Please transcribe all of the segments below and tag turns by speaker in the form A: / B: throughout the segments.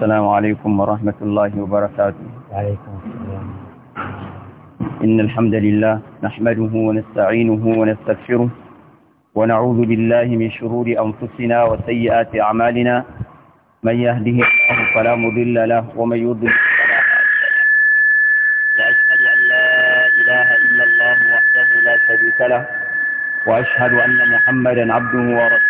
A: السلام عليكم ورحمة الله وبركاته وعليكم السلام إن الحمد لله نحمده ونستعينه ونستغفره ونعوذ بالله من شرور أنفسنا وسيئات أعمالنا من يهده الله فلا مضل له ومن يضل فلا وأشهد أن لا إله إلا الله وحده لا شريك له وأشهد أن محمدا عبده ورسوله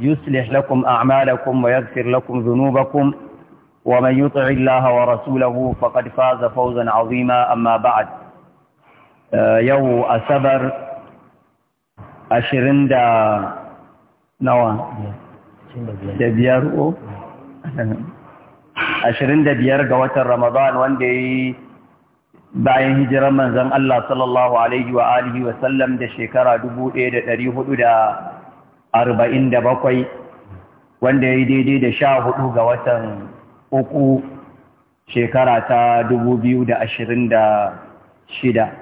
A: يصلح لكم أعمالكم ويغفر لكم ذنوبكم ومن يطع الله ورسوله فقد فاز فوزا عظيما أما بعد يو أسبر أشرين دا نوا دا بيار أشرين دا بيار قوات رمضان وان دي bayan hijirar manzon Allah sallallahu alaihi wa alihi wa sallam da shekara 1400 arba'in da bakwai wanda ya yi daidai da sha hudu ga watan uku shekara ta dubu biyu da ashirin da shida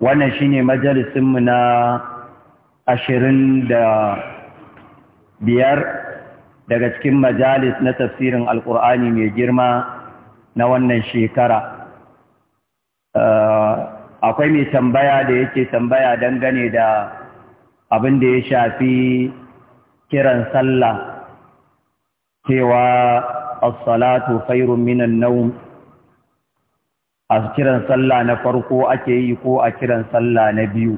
A: wannan shi shine majalisinmu na ashirin da biyar daga cikin majalis na tafsirin alkur'ani mai girma na wannan shekara eh, akwai mai tambaya da yake tambaya dangane da abin da ya shafi kiran sallah cewa as-salatu khairun minan nawm a kiran sallah na farko ake yi ko a kiran sallah na biyu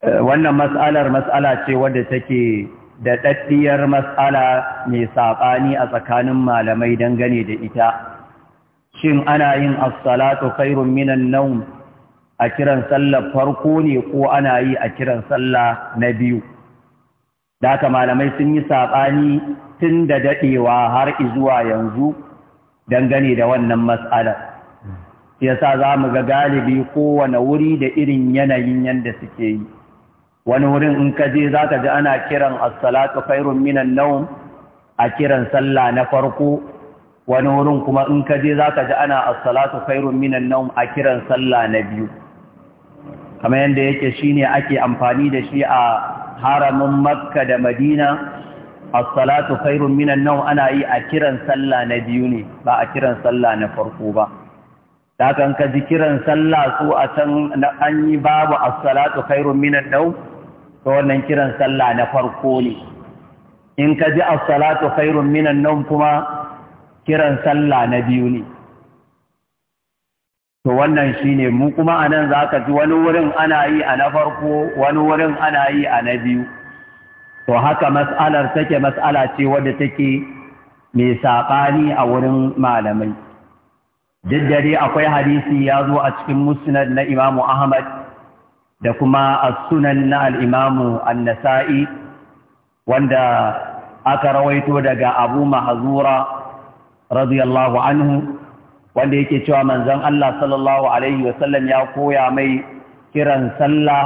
A: eh, wannan mas'alar mas'ala ce wadda take da daddiyar mas'ala mai saɓani a tsakanin malamai dangane da ita shin ana yin as-salatu khairun minan nawm a kiran sallar farko ne ko ana yi a kiran sallah na biyu da haka malamai sun yi saɓani tun da daɗewa har izuwa yanzu dangane da wannan matsalar sa za mu ga galibi kowane wuri da irin yanayin yadda suke yi wani wurin in ka je za ka ji ana kiran assalatu khairun minan naum a kiran sallah na farko wani wurin kuma in ka je za ka ji ana assalatu khairun minan naum a kiran sallah na biyu kamar yadda yake shi ne ake amfani da shi a haramin makka da madina as-salatu khairun minan nawm ana yi a kiran sallah na biyu ne ba a kiran sallah na farko ba dakan ka ji kiran sallah su a can an yi babu as-salatu khairun minan nawm ta wannan kiran sallah na farko ne in ka ji as-salatu khairun minan nawm kuma kiran sallah na biyu ne to wannan shine mu kuma anan ka ji wani wurin ana yi a na farko wani wurin ana yi a na biyu to haka mas'alar take mas'ala ce wadda take mai saɓani a wurin malamai duk dare akwai hadisi ya zo a cikin musnad na imamu ahmad da kuma a sunan na al-imamu wanda aka rawaito daga abu mahzura radiyallahu anhu wanda yake cewa manzon Allah sallallahu alaihi wasallam ya koya mai kiran sallah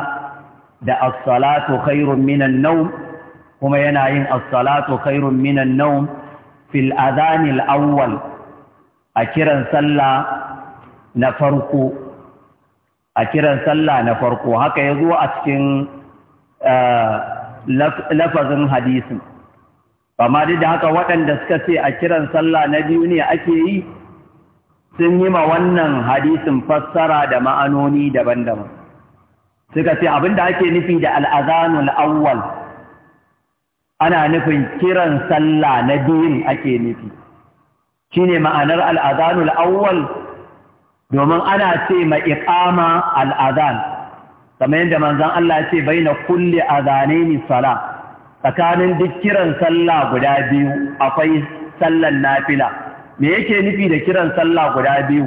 A: da as-salatu khairun minan nawm kuma yana yin as-salatu khairun minan nawm fil adhan al-awwal a kiran sallah na farko a kiran sallah na farko haka yazo a cikin eh, lafazin hadisin amma duk da haka waɗanda suka ce a kiran sallah na biyu ne ake yi sun yi ma wannan hadisin fassara da ma'anoni daban-daban suka ce abin da ake nufi da al'azanul awwal ana nufin kiran sallah na biyun ake nufi Shi ne ma'anar al'azanul awwal domin ana ce ma iƙama al'azan kamar yadda manzan Allah ce na ce baina zane ni sala tsakanin duk kiran sallah guda biyu akwai sallan nafila me yake nufi da kiran sallah guda biyu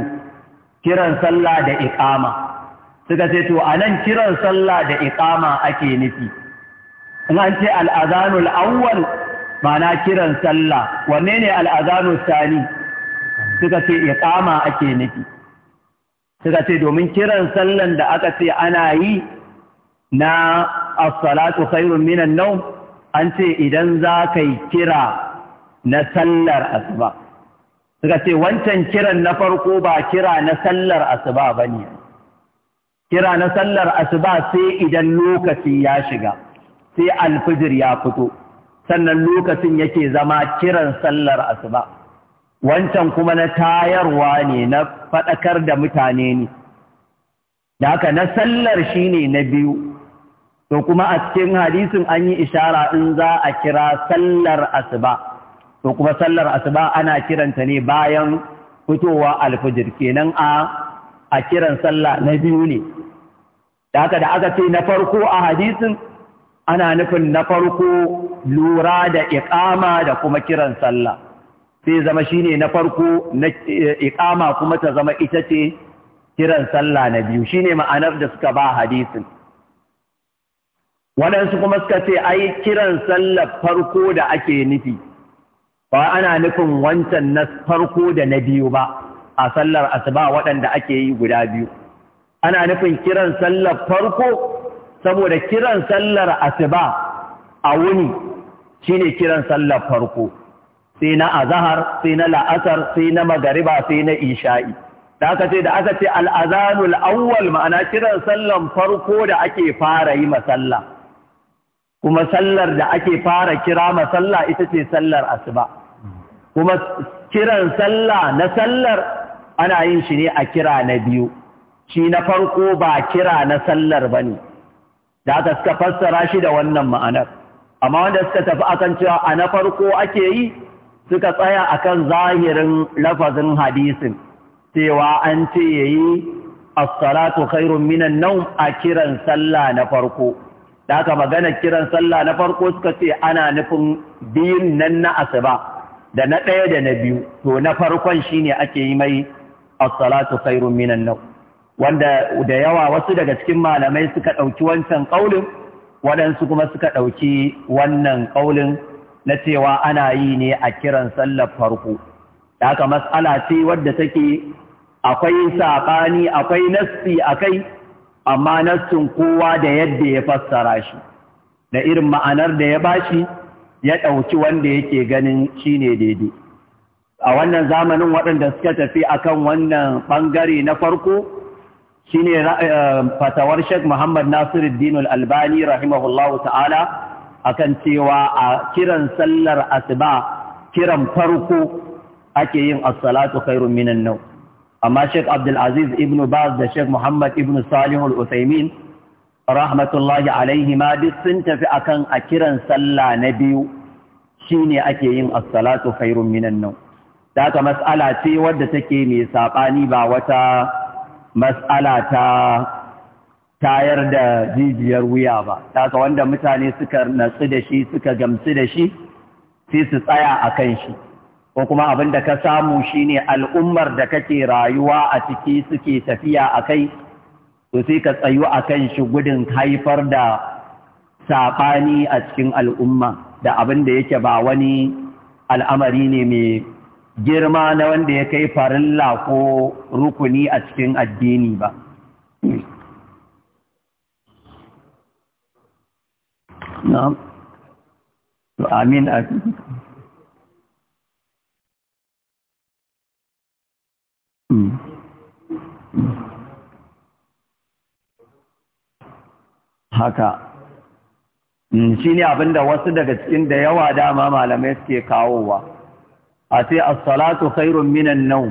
A: kiran sallah da iqama suka ce to anan kiran sallah da iqama ake nufi in an ce al'azanul awwal ma'ana kiran sallah wanne ne al'azanul sani suka ce iqama ake nufi suka ce domin kiran sallan da aka ce ana yi na as-salatu khairun minan nawm an ce idan za ka yi kira na sallar asuba suka ce wancan kiran na farko ba kira na sallar asuba ba ne kira na sallar asuba sai idan lokaci ya shiga sai alfijir ya fito sannan lokacin yake zama kiran sallar asuba wancan kuma na tayarwa ne na faɗakar da mutane ne da haka na sallar shi ne na biyu to kuma a cikin hadisin an yi ishara in za a kira sallar asuba to kuma sallar asuba ana kiranta ne bayan fitowa alfajir kenan a a kiran salla na biyu ne da haka da aka ce na farko a hadisin ana nufin na farko lura da iqama da kuma kiran sallah sai zama shine na farko na iqama kuma ta zama ita ce kiran sallah na biyu shine ma'anar da suka ba hadisin waɗansu kuma suka ce ai kiran sallar farko da ake nufi ba ana nufin wancan na farko da na biyu ba a sallar asuba waɗanda ake yi guda biyu ana nufin kiran sallar farko saboda kiran sallar asuba a wuni shine kiran sallar farko sai na azahar sai na la'asar sai na magariba sai na isha'i da aka ce da aka ce al'azanul awwal ma'ana kiran sallar farko da ake fara yi masalla kuma sallar da ake fara kira masalla ita ce sallar asuba kuma kiran sallah na sallar ana yin shi ne a kira na biyu shi na farko ba kira na sallar ba ne da aka suka fassara shi da wannan ma'anar amma wanda suka tafi akan cewa a na farko ake yi suka tsaya akan zahirin lafazin hadisin cewa an ce yayi as-salatu khairun minan nawm a kiran sallah na farko da aka magana kiran sallah na farko suka ce ana nufin biyun nan na asuba da na ɗaya da na biyu to na farkon shine ake yi mai asalatu salatu khairun minan nau' wanda da yawa wasu daga cikin malamai suka ɗauki wancan ƙaulin waɗansu kuma suka ɗauki wannan ƙaulin na cewa ana yi ne a kiran sallar farko da aka matsala ce wadda take akwai saɓani akwai nassi a kai, amma nassin kowa da yadda ya fassara shi da irin ma'anar da ya bashi ya ɗauki wanda yake ganin shi ne daidai a wannan zamanin waɗanda suka tafi akan wannan ɓangare na farko shi ne eh, fatawar sheik muhammad nasiruddin albani rahimahullahu ta'ala akan cewa a kiran sallar asuba kiran farko ake yin as-salatu khairun minan naw amma Sheikh Abdulaziz ibn Baz da Sheikh Muhammad ibn Salih al rahmatullahi alaihi ma duk sun tafi akan a kiran sallah na biyu shine ake yin as-salatu khairun minan nawm da ka mas'ala ce wadda take mai sabani ba wata mas'ala ta tayar da jijiyar wuya ba da ka wanda mutane suka natsu da shi suka gamsu da shi sai su tsaya akan shi ko kuma abin da ka samu shine al'ummar da kake rayuwa a ciki suke tafiya akai to sai ka tsayu a kan shi gudun haifar da saɓani a cikin al'umma da abin da yake ba wani al'amari ne mai girma na wanda ya kai farilla ko rukuni a cikin addini ba. haka mm, shi ne abin da wasu daga cikin da yawa dama malamai suke kawowa a sai assalatu khairun minan nau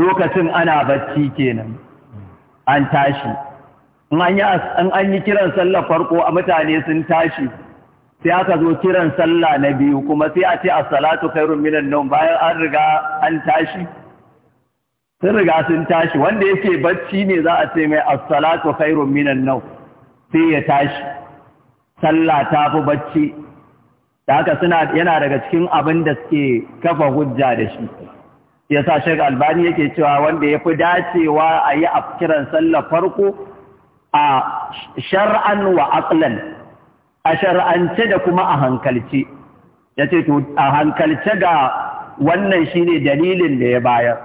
A: lokacin ana bacci kenan an tashi in an yi kiran sallah farko a mutane sun tashi sai aka zo kiran sallah na biyu kuma sai a ce assalatu khairun minan nau bayan an riga an tashi sun riga sun tashi wanda yake bacci ne za a ce mai assalatu khairun minan nau sai ya tashi sallah ta fi bacci da haka suna yana daga cikin abin da suke kafa hujja da shi ya sa shek albani yake cewa wanda ya fi dacewa a yi a kiran sallah farko a shar'an wa aqlan a shar'ance da kuma a hankalce ya ce to a hankalce ga wannan shine dalilin da ya bayar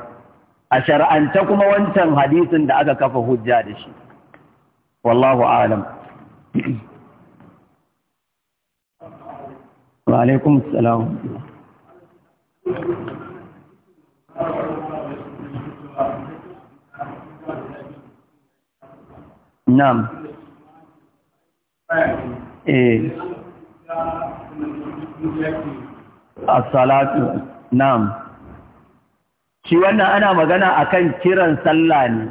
A: a shar'ance kuma wancan hadisin da aka kafa hujja da shi wallahu alam wa alaikum salam na'am eh as-salatu shi wannan ana magana akan kiran sallah ne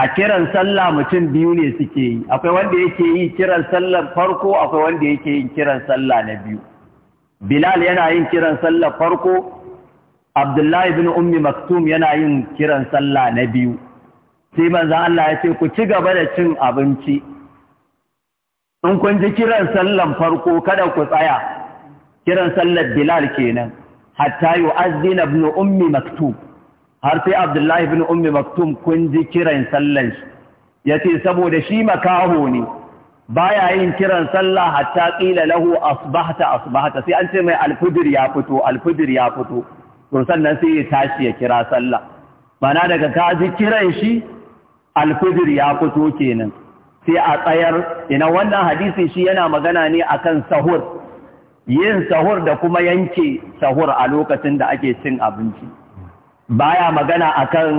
A: a kiran sallah mutum biyu ne suke yi akwai wanda yake yi kiran sallar farko akwai wanda yake yi kiran sallah na biyu bilal yana yin kiran sallar farko abdullahi bin ummi maktum yana yin kiran sallah na biyu sai manzan Allah ya ce ku ci gaba da cin abinci in kun ji kiran sallan farko kada ku tsaya kiran sallar bilal kenan hatta yu'azzina ibn ummi Maktum. har sai abdullahi bin ummi maktum kun ji kiran sallan shi ya ce saboda shi makaho ne baya yin kiran sallah hatta ƙila lahu asbahta asbahta sai an ce mai alfudir ya fito alfudir ya fito to sannan sai ya tashi ya kira sallah mana daga ka ji kiran shi alfudir ya fito kenan sai a tsayar ina wannan hadisi shi yana magana ne akan sahur yin sahur da kuma yanke sahur a lokacin da ake cin abinci baya magana akan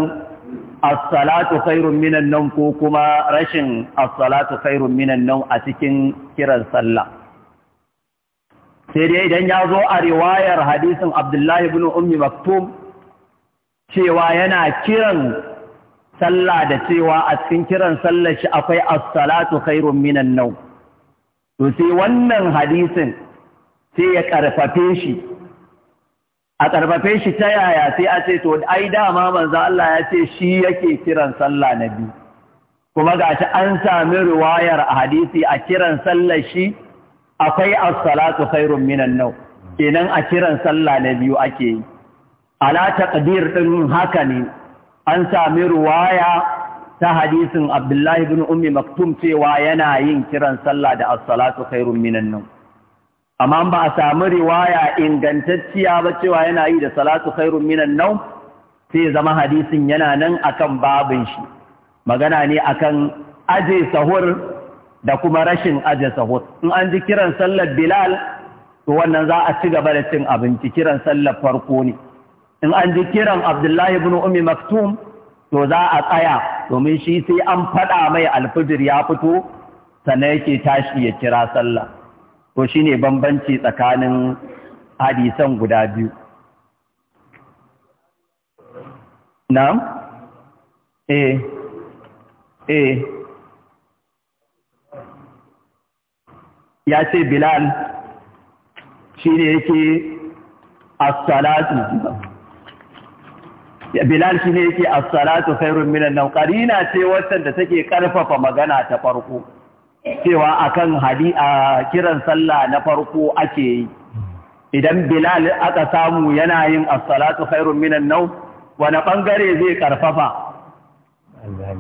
A: as-salatu khairun minan nawm ko kuma rashin as-salatu khairun minan nawm a cikin kiran sallah sai dai idan ya zo a riwayar hadisin Abdullahi ibn Ummi Maktum cewa yana kiran sallah da cewa a cikin kiran sallar shi akwai as-salatu khairun minan nawm to sai wannan hadisin sai ya karfafe shi a ƙarfafe shi ta yaya sai a ce to ai dama manzo Allah ya ce shi yake kiran sallah na biyu kuma ga ta an sami riwayar hadisi a kiran sallar shi akwai as-salatu khairun minan naw kenan a kiran sallah na biyu ake yi ala taqdir din haka ne an sami riwaya ta hadisin Abdullahi ibn Ummi Maktum cewa yana yin kiran sallah da as-salatu khairun minan naw amma ba a samu riwaya ingantacciya ba cewa yana yi da salatu khairun minan nau sai zama hadisin yana nan akan babin shi magana ne akan aje sahur da kuma rashin aje sahur in an ji kiran sallar bilal to wannan za a ci gaba da cin abinci kiran sallar farko ne in an ji kiran abdullahi ibn ummi maktum to za a tsaya domin shi sai an faɗa mai alfijir ya fito sannan yake tashi ya kira sallah to shine bambanci tsakanin hadisan guda biyu na'am eh eh ya ce bilal shi ne yake as-salatu Bilal shi ne yake khairun minan ƙari na ce watan da take ƙarfafa magana ta farko
B: cewa
A: akan hadi a kiran sallah na farko ake yi idan bilal aka samu yana yin asalatu hairun minan nau wani ɓangare zai ƙarfafa?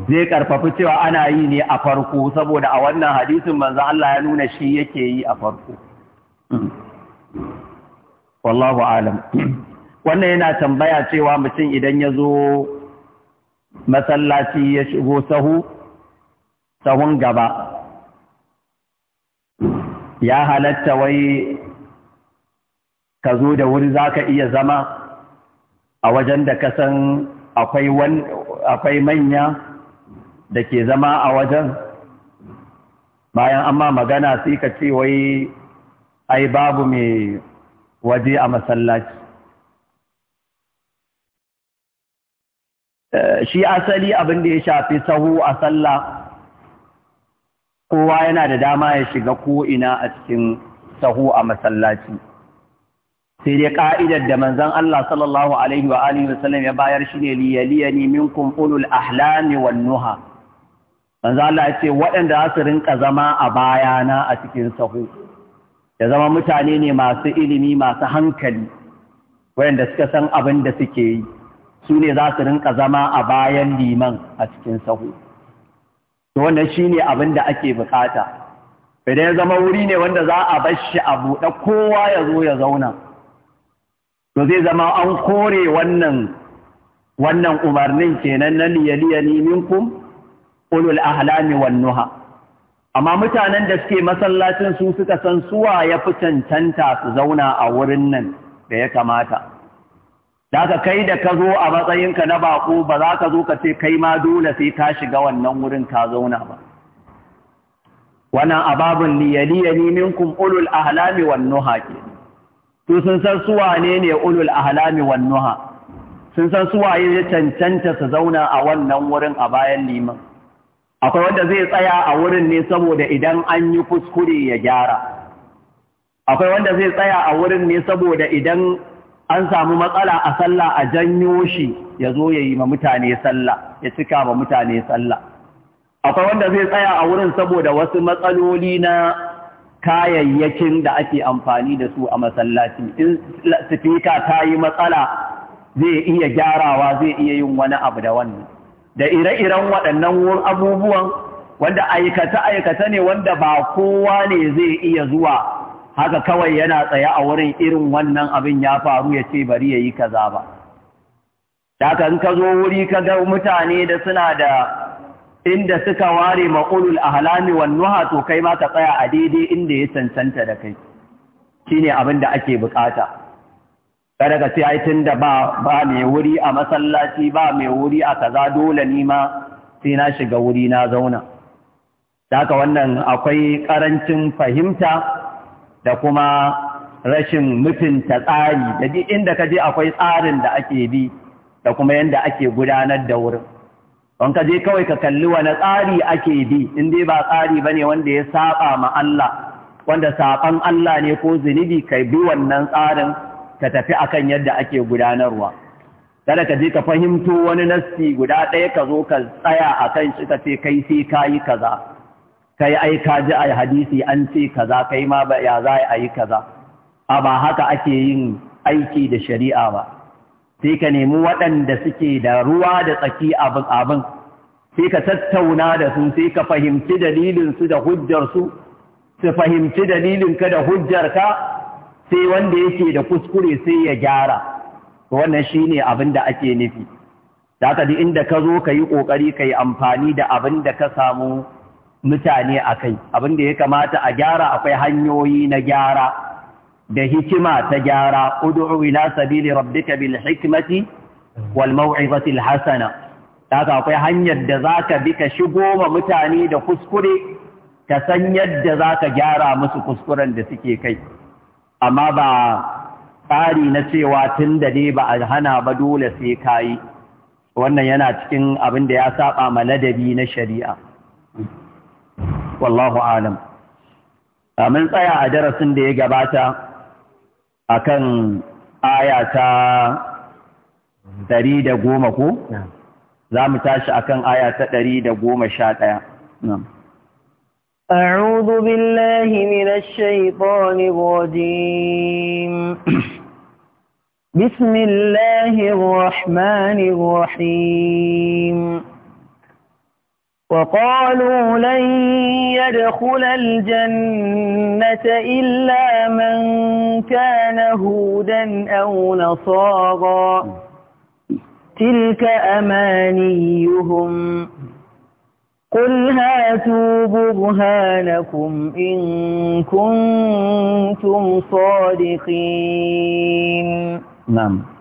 A: zai ƙarfafi cewa ana yi ne a farko saboda a wannan hadisin manzan Allah ya nuna shi yake yi a farko wallahu alam wannan yana tambaya cewa mutum idan ya zo masallaci ya shigo sahu sahun gaba ya halatta wai ka zo da wuri za ka iya zama a wajen da ka akwai manya da ke zama a wajen bayan amma magana sai ka ce wai ai babu mai waje a masallaci eh, shi asali abin da ya shafi sahu a sallah kowa yana da dama ya shiga ko'ina a cikin sahu a masallaci sai dai ƙa'idar da manzan Allah sallallahu Alaihi wasallam ya bayar shi ne liyaliya ne min kumfulul ahlami wa nuha manzan Allah ya ce waɗanda za su rinka zama a bayana a cikin sahu ya zama mutane ne masu ilimi masu hankali waɗanda suka san abin da suke yi su ne za su rinka zama a bayan liman a cikin sahu wannan ne abin da ake bukata idan ya zama wuri ne wanda za a bar shi a buɗe kowa ya zo ya zauna to zai zama an kore wannan wannan umarnin kenan na liyaliyani minkum ulul ahlami wan nuha amma mutanen da suke masallacin su suka san suwa ya fi cancanta su zauna a wurin nan da ya kamata Da ka kai da ka zo a matsayinka na baƙo ba za ka zo ka ce kai ma dole sai ka shiga wannan wurin ka zauna ba. Wannan ababun liyaliyani kun ulul ahlami wan nuha ke. Su sun san suwa ne ulul ahlami wan nuha. Sun san suwaye ya cancanta su zauna a wannan wurin a bayan liman. Akwai wanda zai tsaya a wurin ne saboda idan an yi kuskure ya gyara. Akwai wanda zai tsaya a wurin ne saboda idan an samu matsala a sallah a janyo shi ya zo ya yi ma mutane sallah ya cika ma mutane sallah akwai wanda zai tsaya a wurin saboda wasu matsaloli na kayayyakin da ake amfani da su a masallaci in sifika ta yi matsala zai iya gyarawa zai iya yin wani abu da wannan da ire-iren waɗannan abubuwan wanda aikata-aikata ne wanda ba kowa ne zai iya zuwa haka kawai yana tsaye a wurin irin wannan abin ya faru ya ce bari ya yi kaza ba daga in ka zo wuri ka ga mutane da suna da inda suka ware maƙulul a wan nuha to kai ma ka tsaya a daidai inda ya cancanta da kai Shi ne abin da ake bukata kada ka ce ai da ba ba mai wuri a masallaci ba mai wuri a kaza dole ni ma sai na shiga wuri na zauna daka wannan akwai ƙarancin fahimta da kuma rashin mutunta tsari da duk inda ka je akwai tsarin da ake bi da kuma yadda ake gudanar da wurin don ka je kawai ka kalli wani tsari ake bi in dai ba tsari ba ne wanda ya saba ma Allah wanda saban Allah ne ko zunubi ka bi wannan tsarin ka tafi akan yadda ake gudanarwa kada ka je ka fahimto wani nassi guda ɗaya ka zo ka tsaya akan shi ka ce kai sai kayi kaza kai ai ka ji a hadisi an ce kaza kai ma ba ya za a yi kaza a ba haka ake yin aiki da shari'a ba sai ka nemi waɗanda suke da ruwa da tsaki abin abin sai ka tattauna da su sai ka fahimci dalilinsu da hujjarsu su fahimci dalilinka da hujjarka sai wanda yake da kuskure sai ya gyara wannan shine abin da ake nufi da ka inda ka zo ka yi ƙoƙari ka yi amfani da abin da ka samu mutane a kai abinda ya kamata a gyara akwai hanyoyi na gyara da hikima ta gyara ud'u ila sabili rabbika bil hikmati wal maw'izati al hasana haka akwai hanyar da zaka bi ka shigo ma mutane da kuskure ka san yadda zaka gyara musu kuskuren da suke kai amma ba tsari na cewa tun da dai ba a hana ba dole sai kayi wannan yana cikin abin da ya saba ma ladabi na shari'a wallahu alam mun tsaya a darasin da ya gabata akan aya ta ɗari da goma ko za mu tashi akan aya ta ɗari da goma sha ɗaya
B: أعوذ بالله من الشيطان الرجيم بسم الله الرحمن الرحيم وقالوا لن يدخل الجنة إلا من كان هودا أو نصارا تلك أمانيهم قل هاتوا برهانكم إن كنتم صادقين
A: نعم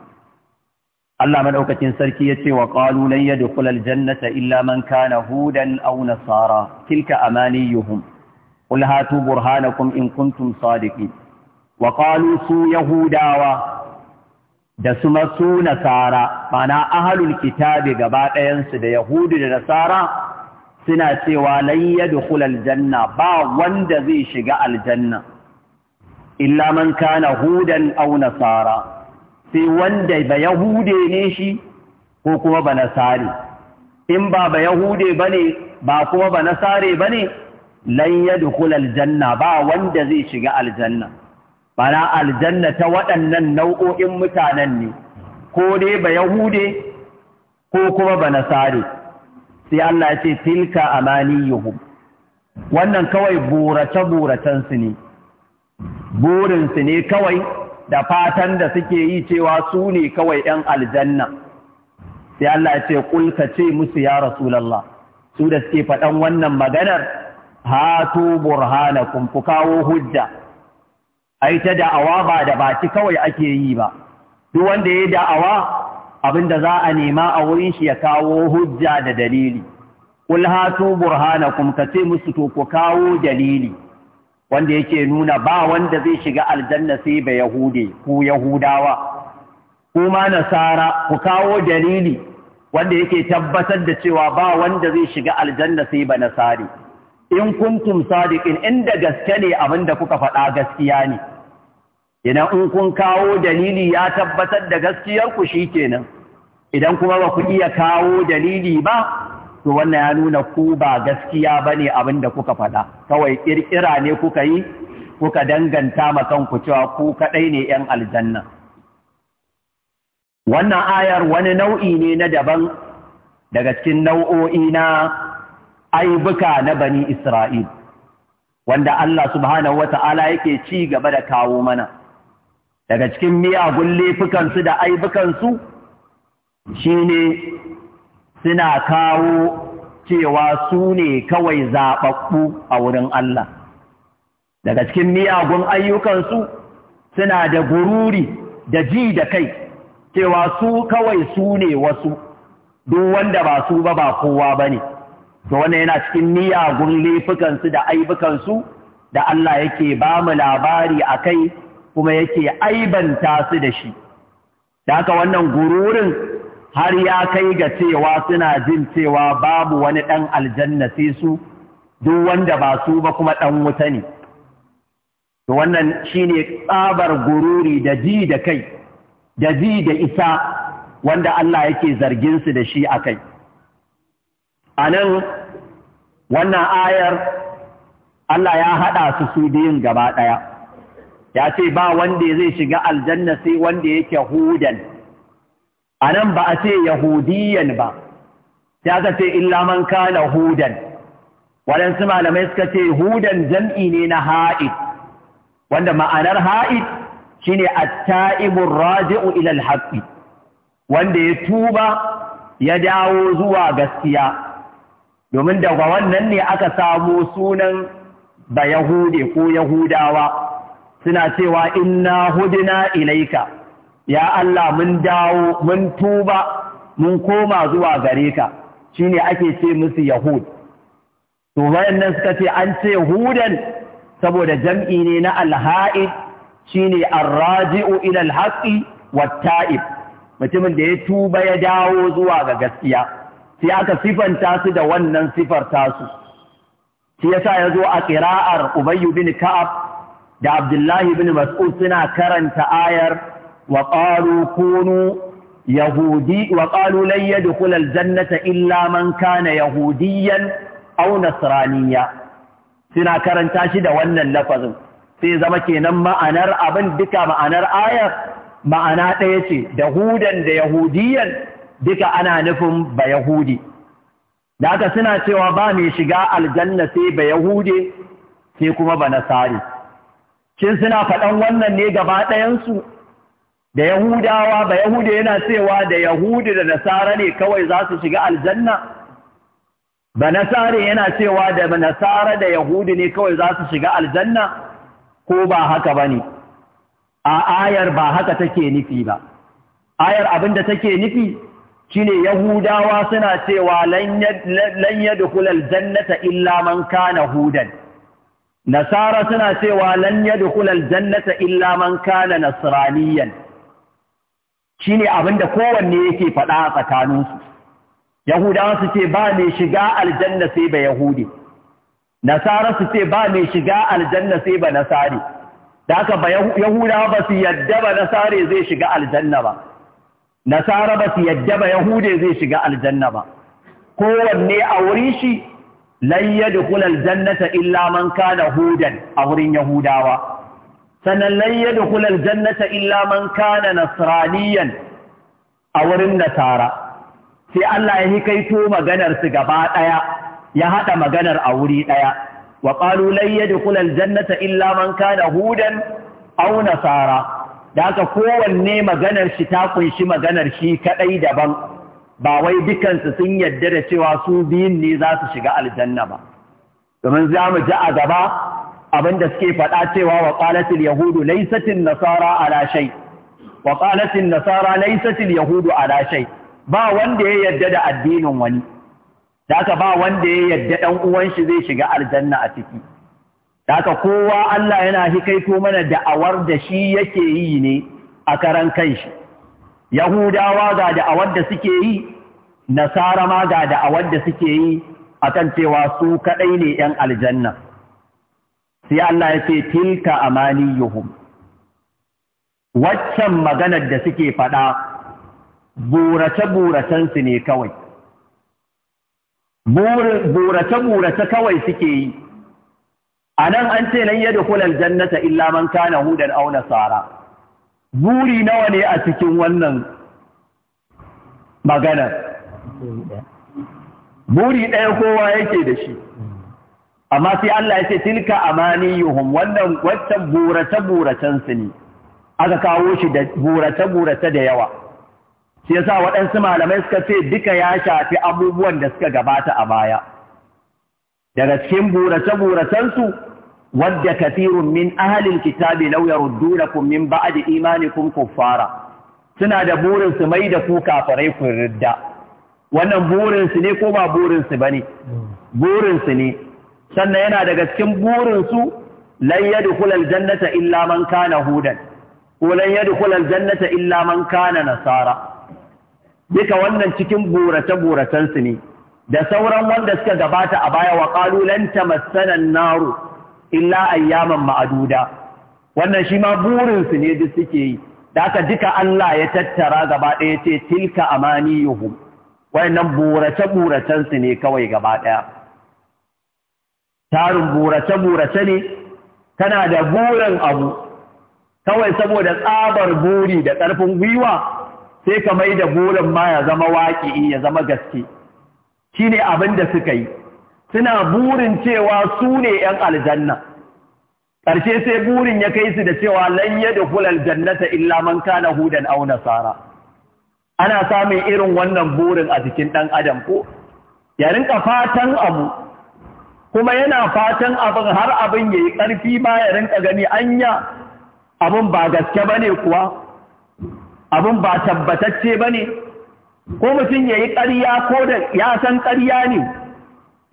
A: Allah maɗaukacin sarki yace wa qalu lan yadkhulal jannata illa man kana hudan au nasara tilka amaniyuhum qul hatu burhanakum in kuntum sadiki wa su yahudawa da su masu nasara mana ahlul kitabi gaba ɗayansu da Yahudu da nasara suna cewa lan kulal janna ba wanda zai shiga aljanna illa man kana hudan au nasara sai wanda ba yahude ne shi ko kuma ba nasare in ba ba yahude ba ne ba kuma ba nasare ba ne lan yadkhul aljanna ba wanda zai shiga aljanna bana aljanna ta waɗannan nau'o'in mutanen ne ko dai ba yahude ko kuma ba nasare sai Allah ya ce tilka amaniyuhum wannan kawai burace-buracensu ne burinsu ne kawai da fatan da suke yi cewa su ne kawai ‘yan aljanna, sai Allah ya ce, Kulka ce musu ya Rasulallah, su da suke faɗan wannan maganar, hatu burhanakum ku kawo hujja, ai ta da'awa ba da baki kawai ake yi ba, duk wanda ya yi da'awa abin da za a nema a wurin shi ya kawo hujja da dalili. Kul hatu burhanakum ka ce musu to ku kawo dalili. wanda yake nuna ba wanda zai shiga aljanna sai ba yahude ku yahudawa kuma nasara ku kawo dalili wanda yake tabbatar da cewa ba wanda zai shiga aljanna sai ba nasari in kuntum sadiqin inda gaske ne abinda kuka faɗa gaskiya ne idan in kun kawo dalili ya tabbatar da gaskiyar ku shikenan idan kuma ba ku iya kawo dalili ba to wannan ya nuna ku ba gaskiya ba ne abin da kuka faɗa kawai ƙirƙira ne kuka yi kuka danganta ma kanku cewa ku kaɗai ne ‘yan aljanna wannan ayar wani nau'i ne na daban daga cikin nau'o'i na aibuka na bani isra'il wanda Allah subhanahu wata'ala yake ci gaba da kawo mana daga cikin miyagun laifukansu da aibukansu shi ne suna kawo cewa su ne kawai zaɓaɓɓu a wurin Allah. Daga cikin miyagun ayyukansu suna da gururi da ji da kai, cewa su kawai su ne wasu, duk wanda ba su ba ba kowa ba ne. To yana cikin miyagun laifukansu da aibukansu da Allah yake ba mu labari a kai kuma yake aibanta su da shi. Da haka wannan gururin har ya kai ga cewa suna jin cewa babu wani ɗan aljanna sai su duk wanda ba su ba kuma ɗan wuta ne. To wannan shi ne tsabar gururi da ji da kai, da ji da isa wanda Allah yake zarginsu da shi a kai. A nan wannan ayar Allah ya haɗa su su biyun gaba ɗaya, ya ce ba wanda zai shiga aljanna sai wanda yake hudan. a nan ba a ce yahudiyan ba Ya ka ce illa man kana hudan waɗansu malamai suka ce hudan jam'i ne na ha'id wanda ma'anar ha'id shine at-ta'ibur raji'u Ilal al wanda ya tuba ya dawo zuwa gaskiya domin daga wannan ne aka samo sunan ba Yahude ko Yahudawa suna cewa inna hudina ilaika ya Allah mun dawo mun tuba mun koma zuwa gare ka shine ake ce musu yahud to wayannan suka ce an ce hudan saboda jam'i ne na alha'id shine arraji'u ila alhaqi watta'ib mutumin da ya tuba ya dawo zuwa ga gaskiya sai aka sifanta su da wannan sifar tasu shi yasa yazo a qira'ar Ubayyu bin Ka'ab da Abdullahi bin Mas'ud suna karanta ayar وقالوا كونوا يهودي وقالوا لن يدخل الجنة إلا من كان suna karanta shi da wannan lafazin sai zama kenan ma'anar abin duka ma'anar ayar ma'ana ɗaya ce da hudan da yahudiyan duka ana nufin ba yahudi da aka suna cewa ba mai shiga aljanna sai ba yahudi sai kuma ba nasari cin suna faɗan wannan ne gaba ɗayansu da Yahudawa ba Yahuda yana cewa da Yahudu da Nasara ne kawai za su shiga aljanna? Ba Nasara yana cewa da Nasara da Yahudu ne kawai za su shiga aljanna? Ko ba haka ba ne? A ayar ba haka take nufi ba. Ayar abinda take nufi shi Yahudawa suna cewa lan yadkhul aljannata illa man kana hudan. Nasara suna cewa lan yadkhul aljannata illa man kana nasraniyan. shine abin da kowanne yake faɗa a tsakaninsu yahudawa su ce ba mai shiga aljanna sai ba yahudi nasara su ce ba mai shiga aljanna sai ba nasari da aka ba yahudawa ba su yadda ba nasare zai shiga aljanna ba nasara ba su yadda ba yahude zai shiga aljanna ba kowanne a wuri shi lan yadkhul aljannata illa man kana hudan a wurin yahudawa sannan lan yadkhul aljannata illa man kana nasraniyan a wurin nasara sai Allah ya hikaito maganar su gaba daya ya hada maganar a wuri daya wa qalu lan yadkhul aljannata illa man kana hudan aw nasara da haka kowanne maganar shi ta kunshi maganar shi kadai daban ba wai dukansu sun yadda da cewa su biyun ne za su shiga aljanna ba domin za mu ji a gaba abinda suke faɗa cewa wa ƙalatin yahudu laisatin nasara a shay wa ƙalatin nasara laisatin yahudu a shay ba wanda ya yadda da addinin wani daka ba wanda ya yadda ɗan uwan shi zai shiga aljanna a ciki daga kowa Allah yana hikaito mana da'awar da shi yake yi ne a karan kanshi yahudawa ga da'awar da suke yi nasara ma ga da'awar da suke yi akan cewa su kaɗai ne yan aljanna sai Allah ya ce tilka amaniyuhum waccan maganar da suke faɗa burace-buracensu ne kawai burace-burace kawai suke yi a nan an ce nan yadda kulal jannata illa man kana hudan auna nasara buri nawa ne a cikin wannan maganar buri ɗaya kowa yake da shi amma sai Allah ya ce tilka amaniyuhum wannan wannan burace buracen su ne aka kawo shi da burace burace da yawa sai yasa waɗansu malamai suka ce duka ya shafi abubuwan da suka gabata a baya daga cikin burace buracen su wadda kathirun min ahlil kitabi law yaruddunakum min ba'di imanikum kuffara suna da burin su mai da ku kafirai ku ridda wannan burin su ne ko ba burin su bane hmm. burin su ne sannan yana daga cikin burinsu lan yadkhul aljannata illa man kana hudan ko lan yadkhul aljannata illa man kana nasara duka wannan cikin burace buracen su ne da sauran wanda suka gabata a baya wa qalu lan tamassana an-nar illa ayyaman ma'duda wannan shi ma ne duk suke yi da haka duka Allah ya tattara gaba ɗaya ce tilka amaniyuhum wayannan burace buracen su ne kawai gaba ɗaya tarin burace-burace ne kana da burin abu kawai saboda tsabar buri da ƙarfin gwiwa sai ka mai da burin ma ya zama waƙi ya zama gaske shi ne abin da suka yi suna burin cewa su ne ‘yan aljanna ƙarshe sai burin ya kai su da cewa lanye da kula jannata illa man na hudan au nasara ana samun irin wannan burin a jikin ɗan adam ko ya rinka fatan abu kuma yana fatan abin har abin ya yi ƙarfi ba ya rinka gani anya abin ba gaske ba ne kuwa abin ba tabbatacce ba ne ko mutum ya yi ƙarya ko da ya san ƙarya ne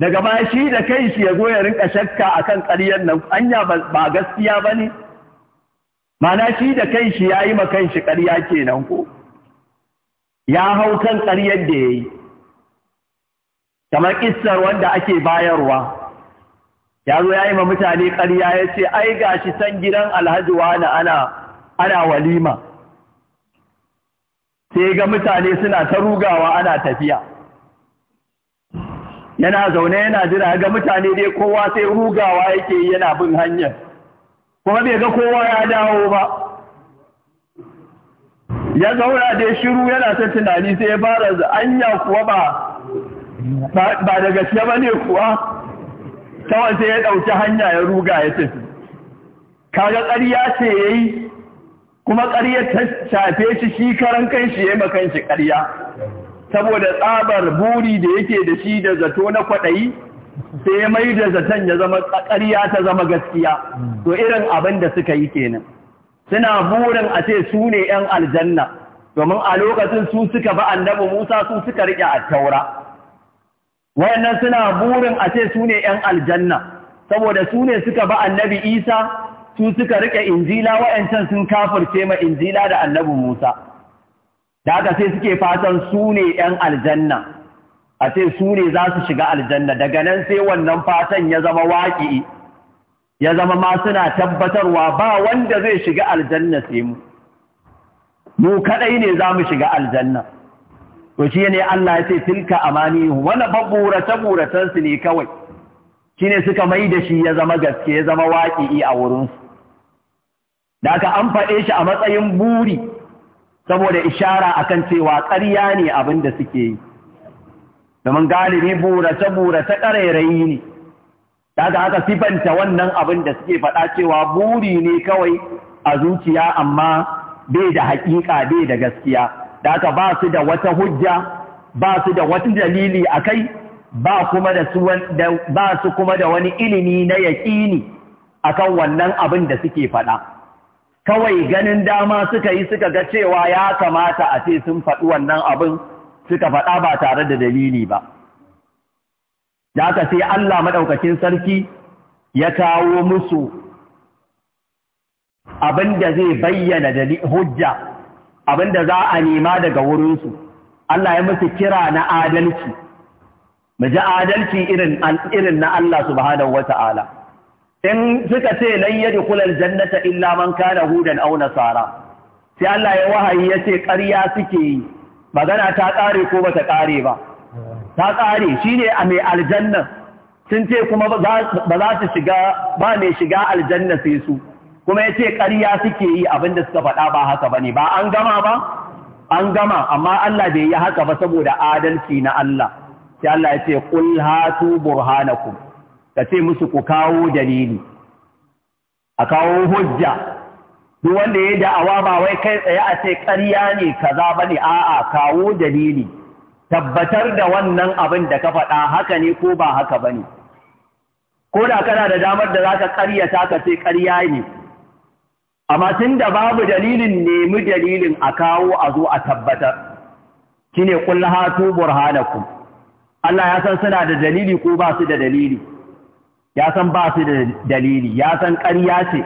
A: daga ma shi da kai shi ya zo ya rinka shakka a kan ƙaryar nan anya ba gaskiya ba ne mana shi da kai shi ya yi ma kan shi ƙarya kenan ko ya hau kan ƙaryar da ya yi kamar kissar wanda ake bayarwa ya zo ya yi ma mutane ƙarya ya ce ai ga shi san gidan alhaji wani ana ana walima sai ga mutane suna ta rugawa ana tafiya yana zaune yana jira ga mutane dai kowa sai rugawa yake yana bin hanyar kuma bai ga kowa ya dawo ba ya zaura dai shiru yana ta tunani sai ya fara anya kuwa ba ba da gaske ba ne kuwa kawai sai ya ɗauki hanya ya ruga ya tafi kaga ƙarya ce ya yi kuma ƙarya ta shafe shi shi karan kanshi ya yi makanshi ƙarya saboda tsabar buri da yake da shi da zato na kwaɗayi sai ya mai da zaton ya zama ƙarya ta zama gaskiya to irin abin da suka yi kenan suna burin a ce su ne ‘yan aljanna domin a lokacin su suka bi annabi musa su suka riƙe a taura wayannan suna burin a ce su ne ‘yan aljanna saboda su ne suka ba annabi isa su suka riƙe injila wayancan sun kafirce ma injila da annabi musa da haka sai suke fatan su ne ‘yan aljanna a ce su ne za su shiga aljanna daga nan sai wannan fatan ya zama waƙi ya zama ma suna tabbatarwa ba wanda zai shiga aljanna sai mu mu kaɗai ne za mu shiga aljanna to shi ne Allah ya ce tilka amani wani babburace buracensu ne kawai shi ne suka mai da shi ya zama gaske ya zama waƙi'i a wurinsu da aka an faɗe shi a matsayin buri saboda ishara akan cewa ƙarya ne abin da suke yi domin galibi burace burace ƙarairayi ne da aka sifanta wannan abin da suke faɗa cewa buri ne kawai a zuciya amma bai da haƙiƙa bai da gaskiya da aka ba su da wata hujja ba su da wata dalili a kai ba kuma da su kuma da wani ilimi na yaƙini a kan wannan abin da suke faɗa kawai ganin dama suka yi suka ga cewa ya kamata a ce sun faɗi wannan abin suka faɗa ba tare da dalili ba da aka sai Allah maɗaukacin sarki ya kawo musu abin da zai bayyana hujja Abin da za a nema daga wurinsu Allah ya musu kira na adalci mu ji adalci irin na Allah subhanahu ta'ala. in suka ce lan yadkhul aljannata illa man kana hudan au nasara sai Allah ya wahayi ya ce ƙarya suke yi magana ta ƙare ko bata ƙare ba ta ƙare shine a mai aljanna sun ce kuma ba za su shiga ba mai shiga aljanna sai su kuma ya ce ƙarya suke yi abinda suka faɗa ba haka ba ne ba an gama ba an gama amma Allah bai yi haka ba saboda adalci na Allah sai Allah ya ce qul hatu burhanakum ka ce musu ku kawo dalili a kawo hujja duk wanda ya da'awa ba wai kai tsaye a ce ƙarya ne kaza ne a'a kawo dalili tabbatar da wannan abin da ka faɗa haka ne ko ba haka bane ko da kana da damar da za ka ƙaryata ka ce ƙarya ne amma tun da babu dalilin nemi dalilin a kawo a zo a tabbatar ne ƙulla hatu burhanakum Allah ya san suna da dalili ko ba su da dalili ya san ba su da dalili ya san ƙarya ce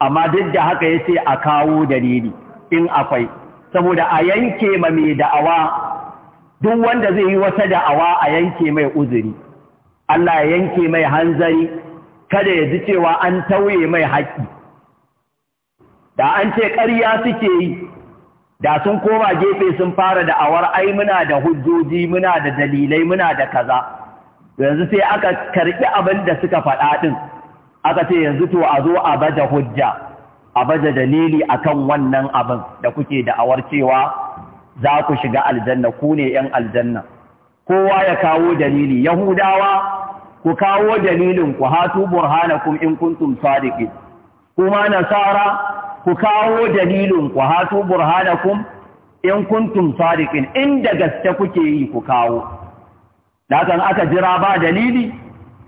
A: amma duk da haka ya ce a kawo dalili in akwai saboda a yanke ma mai da'awa duk wanda zai yi wata da'awa a yanke mai uzuri Allah ya yanke mai hanzari kada ya ji cewa an tauye mai haƙƙi da an ce ƙarya suke yi da sun koma gefe sun fara da awar ai muna da hujjoji muna da dalilai muna da kaza yanzu sai aka karɓi abin da suka faɗa ɗin aka ce yanzu to a zo a baje hujja a baje dalili akan wannan abin da kuke da awar cewa za ku shiga aljanna ku ne ‘yan aljanna kowa ya kawo dalili yahudawa ku kawo dalilin ku hatu burhanakum in kuntum sadiqin kuma nasara ku kawo dalilin ku hatu burhanakum in kuntum sadiqin inda gaske kuke yi ku kawo kan aka jira ba dalili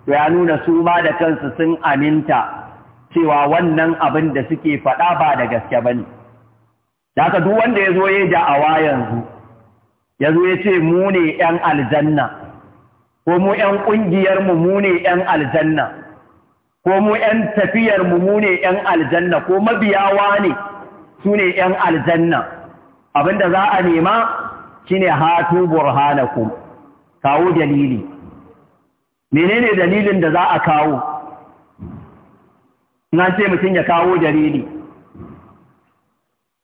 A: to ya nuna su ma da kansu sun aminta cewa wannan abin da suke faɗa ba da gaske bane ka duk wanda ya zo ya awa yanzu yazo zo ya ce mu ne 'yan aljanna ko mu 'yan ƙungiyarmu mu ne 'yan aljanna ko mu ‘yan tafiyar mu ne ‘yan aljanna ko mabiyawa ne su ne ‘yan aljanna abinda za a nema shine hatu burhanaku kawo dalili menene dalilin da za a kawo na ce mutum ya kawo dalili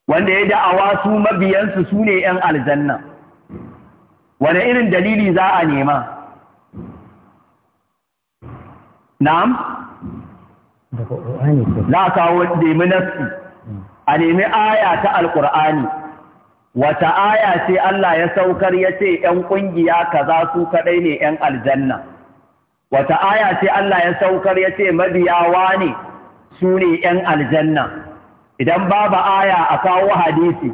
A: wanda ya da'awa su mabiyansu su ne ‘yan aljanna wane irin dalili za a nema na'am La kawo nemi nassi a nemi aya ta alkur'ani wata aya ce Allah ya saukar ya ce ‘yan ƙungiya kaza su kaɗai ne ‘yan aljanna wata aya ce Allah ya saukar ya ce mabiyawa ne su ne ‘yan aljanna idan babu aya a kawo hadisi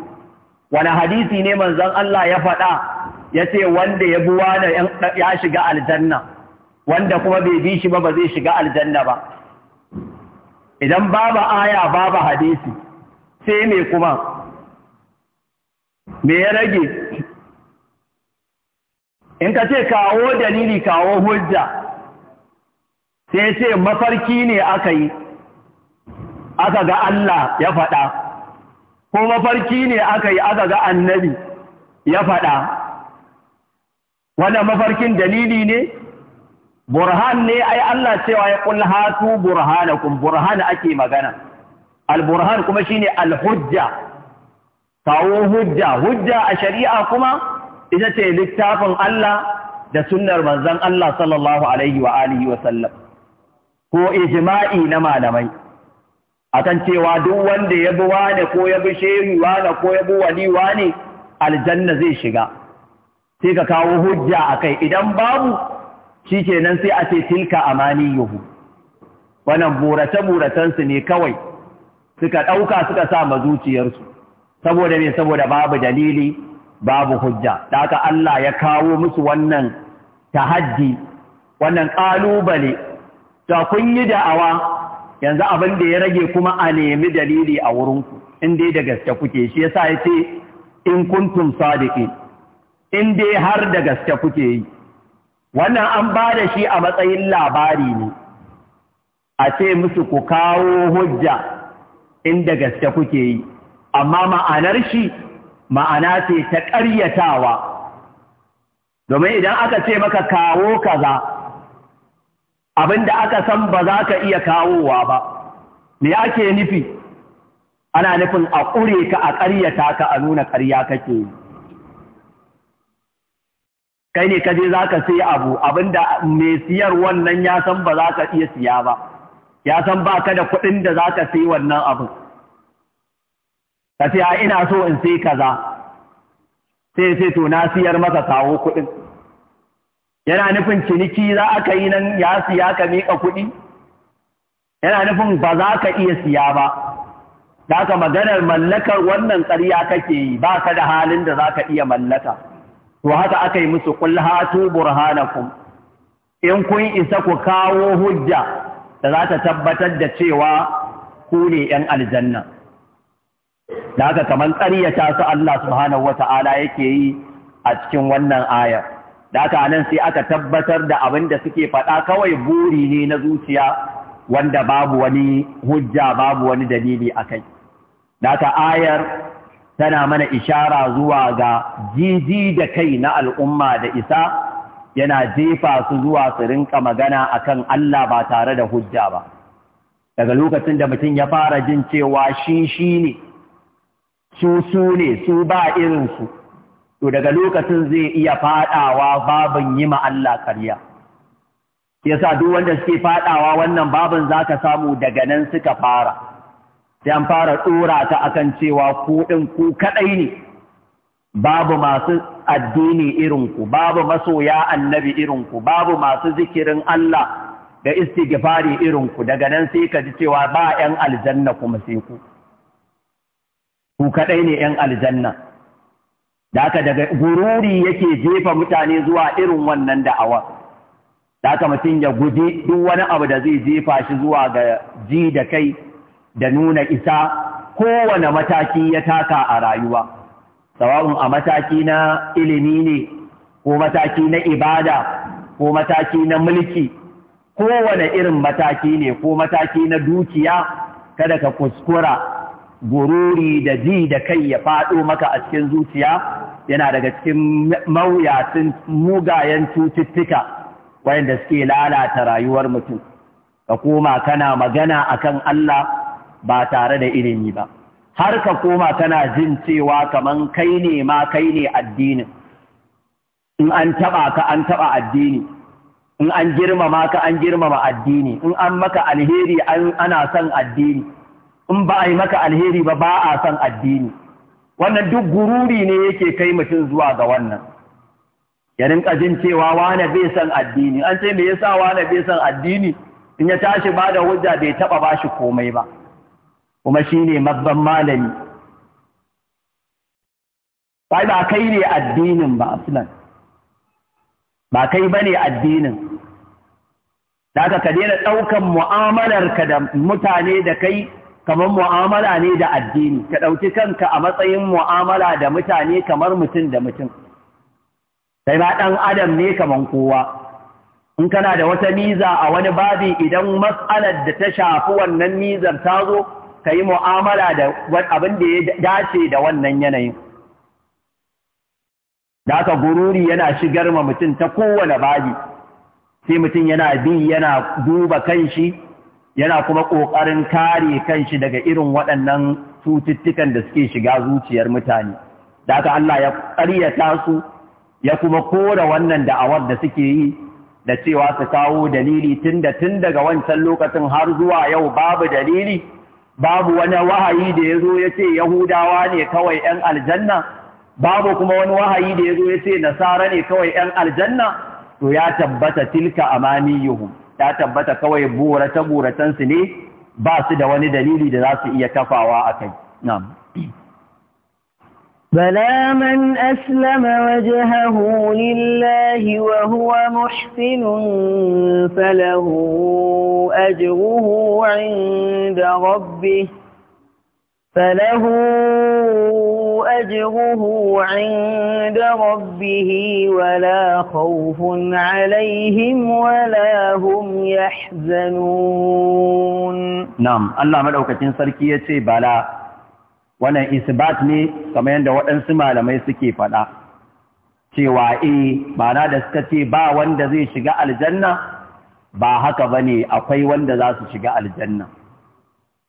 A: wani hadisi ne manzon Allah ya faɗa ya ce wanda ya buwa da ya shiga aljanna wanda kuma bai bi shi ba ba zai shiga aljanna ba idan babu aya babu hadisi sai me kuma me ya rage in ka ce kawo dalili kawo hujja sai ce mafarki ne aka yi aka ga Allah ya faɗa ko mafarki ne aka yi aka ga annabi ya faɗa wannan mafarkin dalili ne burhan ne ai Allah cewa ya kulli hatu burhanakum burhan ake magana al-burhan kuma shine al-hujja kawo hujja hujja a shari'a kuma ita ce littafin Allah da sunnar manzon Allah sallallahu alaihi wa alihi wa sallam ko ijma'i na malamai akan cewa duk wanda ya bi wane ko ya bi shehu wane ko ya bi wali wane aljanna zai shiga sai ka kawo hujja akai idan babu shi kenan sai a ce tilka amaniyuhu wannan burace-buracensu ne kawai suka ɗauka suka sa ma zuciyarsu saboda ne saboda babu dalili babu hujja da aka Allah ya kawo musu wannan tahaddi wannan ƙalubale ta kun yi da'awa yanzu abin da ya rage kuma a nemi dalili a wurinku in dai da gaske kuke shi yasa ya ce in kuntum sadiqin in dai har da gaske kuke yi wannan an ba da shi a matsayin labari ne a ce musu ku kawo hujja inda gaske kuke yi amma ma'anar shi ma'ana ce ta ƙaryatawa domin idan aka ce maka kawo kaza abinda aka san ba za ka iya kawowa ba me ake nufi ana nufin a ƙure ka a ƙaryata ka a nuna ƙarya kake yi kai ne kaje za ka sai abu abinda mai siyar wannan ya san ba za ka iya siya ba ya san ba ka da kuɗin da za ka sai wannan abu ka ce a ina so in sai kaza sai sai to na siyar masa kawo kuɗin yana nufin ciniki za ka yi nan ya siya ka miƙa kuɗi yana nufin ba za ka iya siya ba Za ka maganar mallakar wannan tsariya kake yi ba ka da halin da za ka iya mallaka to haka aka yi musu qul hatu burhanakum in kun isa ku kawo hujja da za ta tabbatar da cewa ku ne ‘yan aljanna. Da haka kamar ƙaryata su Allah subhanahu wa ta'ala yake yi a cikin wannan ayar. Da haka nan sai aka tabbatar da abin da suke faɗa kawai buri ne na zuciya wanda babu wani hujja babu wani dalili a kai. Da haka ayar tana mana ishara zuwa ga jiji da kai na al'umma da isa yana jefa su zuwa su rinka magana a kan Allah ba tare da hujja ba daga lokacin da mutum ya fara jin cewa shi shi ne su su ne su ba irinsu to daga lokacin zai iya fadawa babin yi ma Allah karya yasa duk wanda suke fadawa wannan babin za ka samu daga nan suka fara sai an fara tsora ta akan cewa ku ɗin ku kaɗai ne babu masu addini irinku babu masoya annabi irinku babu masu zikirin Allah da istighfari irinku daga nan sai ka ji cewa ba 'yan aljanna kuma sai ku ku kaɗai ne 'yan aljanna da aka daga gururi yake jefa mutane zuwa irin wannan da'awa da aka mutum ya guji duk wani abu da zai jefa shi zuwa ga ji da kai da nuna isa kowane mataki ya taka a rayuwa sawa'un a mataki na ilimi ne ko mataki na ibada ko mataki na mulki kowane irin mataki ne ko mataki na dukiya kada ka kuskura gururi da ji da kai ya faɗo maka a cikin zuciya yana daga cikin mawuyacin mugayen cututtuka wayanda suke lalata rayuwar mutum ka koma kana magana akan Allah ba tare da ilimi ba har ka koma tana jin cewa kaman kai ne ma kai ne addini in an taba ka an taba addini in an girmama ka an girmama addini in an maka alheri ana son addini in ba a yi maka alheri ba ba a son addini wannan duk gururi ne yake kai mutum zuwa ga wannan ya rinka jin cewa wane bai son addini an ce me yasa wane bai son addini in ya tashi ba da hujja bai taɓa ba shi komai ba kuma shi ne mabban malami ba ba kai ne addinin ba aslan ba kai ba ne addinin da aka ka daina ɗaukan mu'amalarka da mutane da kai kamar mu'amala ne da addini ka ɗauki kanka a matsayin mu'amala da mutane kamar mutum da mutum sai ba ɗan adam ne kamar kowa in kana da wata miza a wani babi idan matsalar da ta shafi wannan mizar ta zo ka yi mu'amala da abin da ya dace da wannan yanayin da aka gururi yana shigar ma mutum ta kowane baji, sai mutum yana bi yana duba kanshi yana kuma ƙoƙarin kare kanshi daga irin waɗannan cututtukan da suke shiga zuciyar mutane da aka Allah ya ƙaryata su ya kuma kora wannan da'awar da suke yi da cewa su kawo dalili tun da tun daga wancan lokacin har zuwa yau babu dalili babu wani wahayi da ya zo ya ce Yahudawa ne kawai ‘yan aljanna, babu kuma wani wahayi da ya zo ya ce Nasara ne kawai ‘yan aljanna, to ya tabbata tilka yuhu, ya tabbata kawai burata-buratansu ne ba su da wani dalili da za su iya kafawa a kai. Na'am.
B: بلى من أسلم وجهه لله وهو محسن فله أجره عند ربه فله أجره عند ربه ولا خوف عليهم ولا هم يحزنون
A: نعم الله ملوكة سركية بلى wannan isbat ne kamar yadda waɗansu malamai suke faɗa cewa eh ma'ana da suka ce ba wanda zai shiga aljanna ba haka ba ne akwai wanda za su shiga aljanna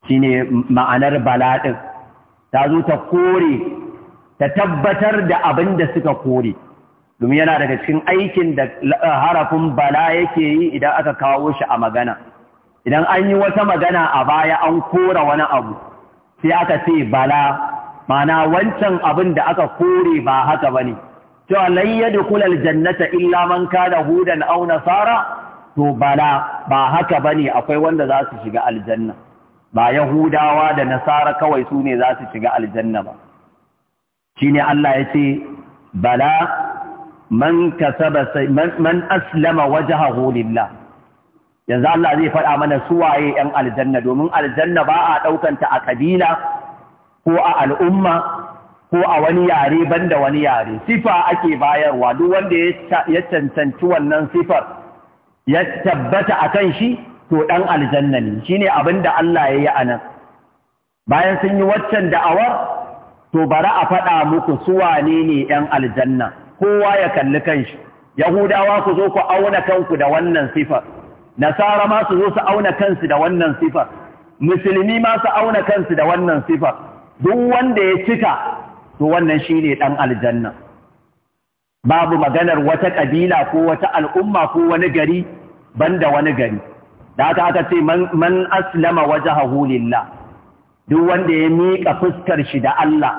A: shi ne ma'anar bala'in ta zo ta kore ta tabbatar da abin da suka kore domin yana daga cikin aikin da harafin bala yake yi idan aka kawo shi a magana idan an yi wata magana a baya an kora wani abu sai aka ce bala mana wancan abin da aka kore ba haka ba ne cewa lan yadkhul aljannata illa man da hudan au nasara to bala ba haka bane akwai wanda za su shiga aljanna ba yahudawa da nasara kawai su ne za su shiga aljanna ba shine Allah ya ce bala man kasaba man aslama wajhahu yanzu Allah zai faɗa mana suwaye ‘yan aljanna domin aljanna ba a ɗaukanta a ƙabila ko a al'umma ko a wani yare banda wani yare sifa ake bayarwa duk wanda ya cancanci wannan sifar ya tabbata a kan shi to ɗan aljanna ne shi ne abin da Allah ya yi a nan bayan sun yi waccan da'awar to bari a faɗa muku suwane ne ‘yan aljanna kowa ya kalli kan shi. yahudawa ku zo ku auna kanku da wannan sifar nasara ma su zo su auna kansu da wannan sifar musulmi ma su auna kansu da wannan sifar duk wanda ya cika to wannan shine dan aljanna babu maganar wata kabila ko wata al'umma ko wani gari banda wani gari da haka aka ce man aslama wajhahu lillah duk wanda ya miƙa fuskar shi da Allah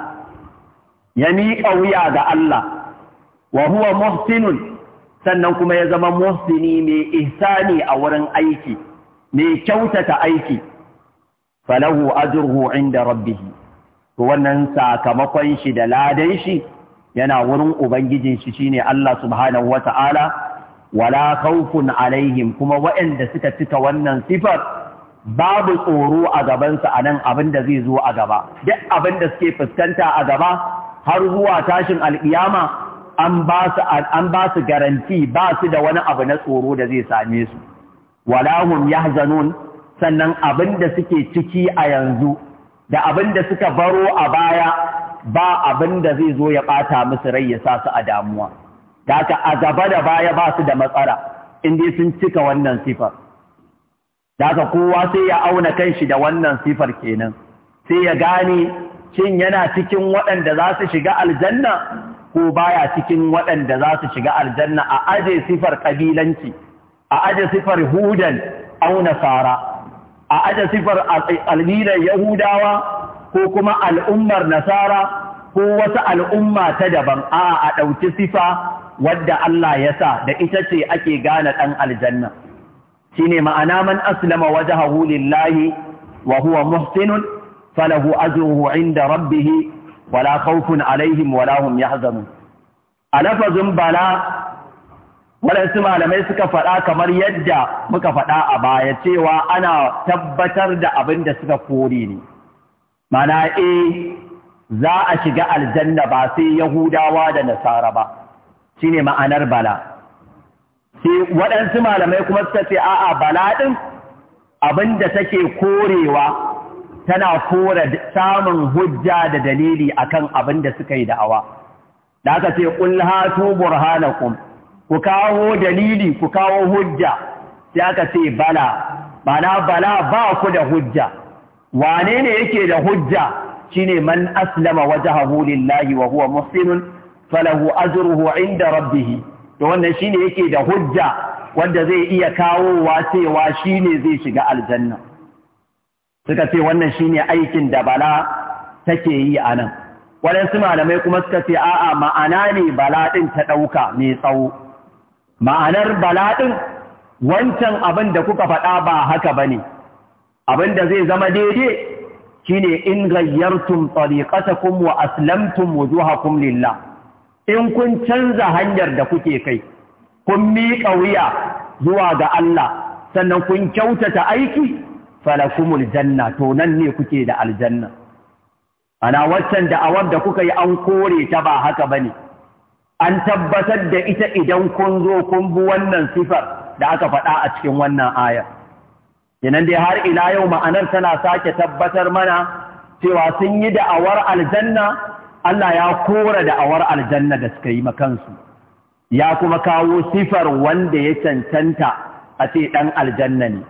A: ya miƙa wuya ga Allah wa huwa muhsinun sannan kuma ya zama muhsini mai ihsani a wurin aiki mai kyautata aiki falahu ajruhu inda rabbih to wannan sakamakon shi da ladan shi yana wurin ubangijin shi shine Allah subhanahu wata'ala wala khawfun alaihim kuma waɗanda suka cika wannan sifar babu tsoro a gabansa a nan abin da zai zo a gaba duk abin da suke fuskanta a gaba har zuwa tashin alkiyama an ba su garanti ba su da wani abu na tsoro da zai same su walahum yahzanun sannan abin da suke ciki a yanzu da abin da suka baro a baya ba abin da zai zo ya ɓata musu rai ya sa su a damuwa da a gaba da baya ba su da matsala in dai sun cika wannan sifar da kowa sai ya auna kanshi da wannan sifar kenan sai ya gane shin yana cikin waɗanda za su shiga aljanna ko baya cikin waɗanda za su shiga aljanna a aje sifar ƙabilanci a aje sifar hudan au nasara a aje sifar al'adar yahudawa ko kuma al'ummar nasara ko wata al'umma ta daban a a ɗauki sifa wadda Allah ya sa da ita ce ake gane ɗan aljanna shi ne ma'ana man aslama wajahahu lillahi wa huwa muhsinun falahu ajruhu inda rabbihi wala khawfun alaihim wala hum yahzanun a lafazin bala waɗansu malamai suka faɗa kamar yadda muka faɗa a baya cewa ana tabbatar da abin da suka kore ne mana e eh, za a shiga aljanna ba sai yahudawa da nasara ba shine ma'anar bala sai waɗansu malamai kuma suka ce a'a bala ɗin abin da take korewa tana kora samun hujja da dalili akan abin da suka yi da'awa da aka ce qul burhanakum ku kawo dalili ku kawo hujja sai aka ce bala bala bala ba ku da hujja wane ne yake da hujja shine man aslama wajhahu lillahi wa huwa azurhu falahu ajruhu inda rabbihi to wannan ne yake da hujja wanda zai iya kawowa cewa ne zai shiga aljanna suka ce wannan shine aikin da bala take yi a nan su malamai kuma suka ce a'a ma'ana ne bala ɗin ta ɗauka mai tsawo ma'anar bala ɗin wancan abin da kuka faɗa ba haka ba ne abin da zai zama daidai shine in gayyartum tariqatakum wa aslamtum wujuhakum kumlilla in kun canza hanyar da kuke kai kun miƙa wuya zuwa ga Allah sannan kun kyautata aiki falakumul janna to nan ne kuke da aljanna ana waccan da'awar da kuka yi an kore ta ba haka bane an tabbatar da ita idan kun zo kun bi wannan sifar da aka faɗa a cikin wannan ayar kenan dai har ila yau ma'anar tana sake tabbatar mana cewa sun yi da'awar aljanna Allah ya kora da'awar aljanna da suka yi makansu ya kuma kawo sifar wanda ya cancanta a ce dan aljanna ne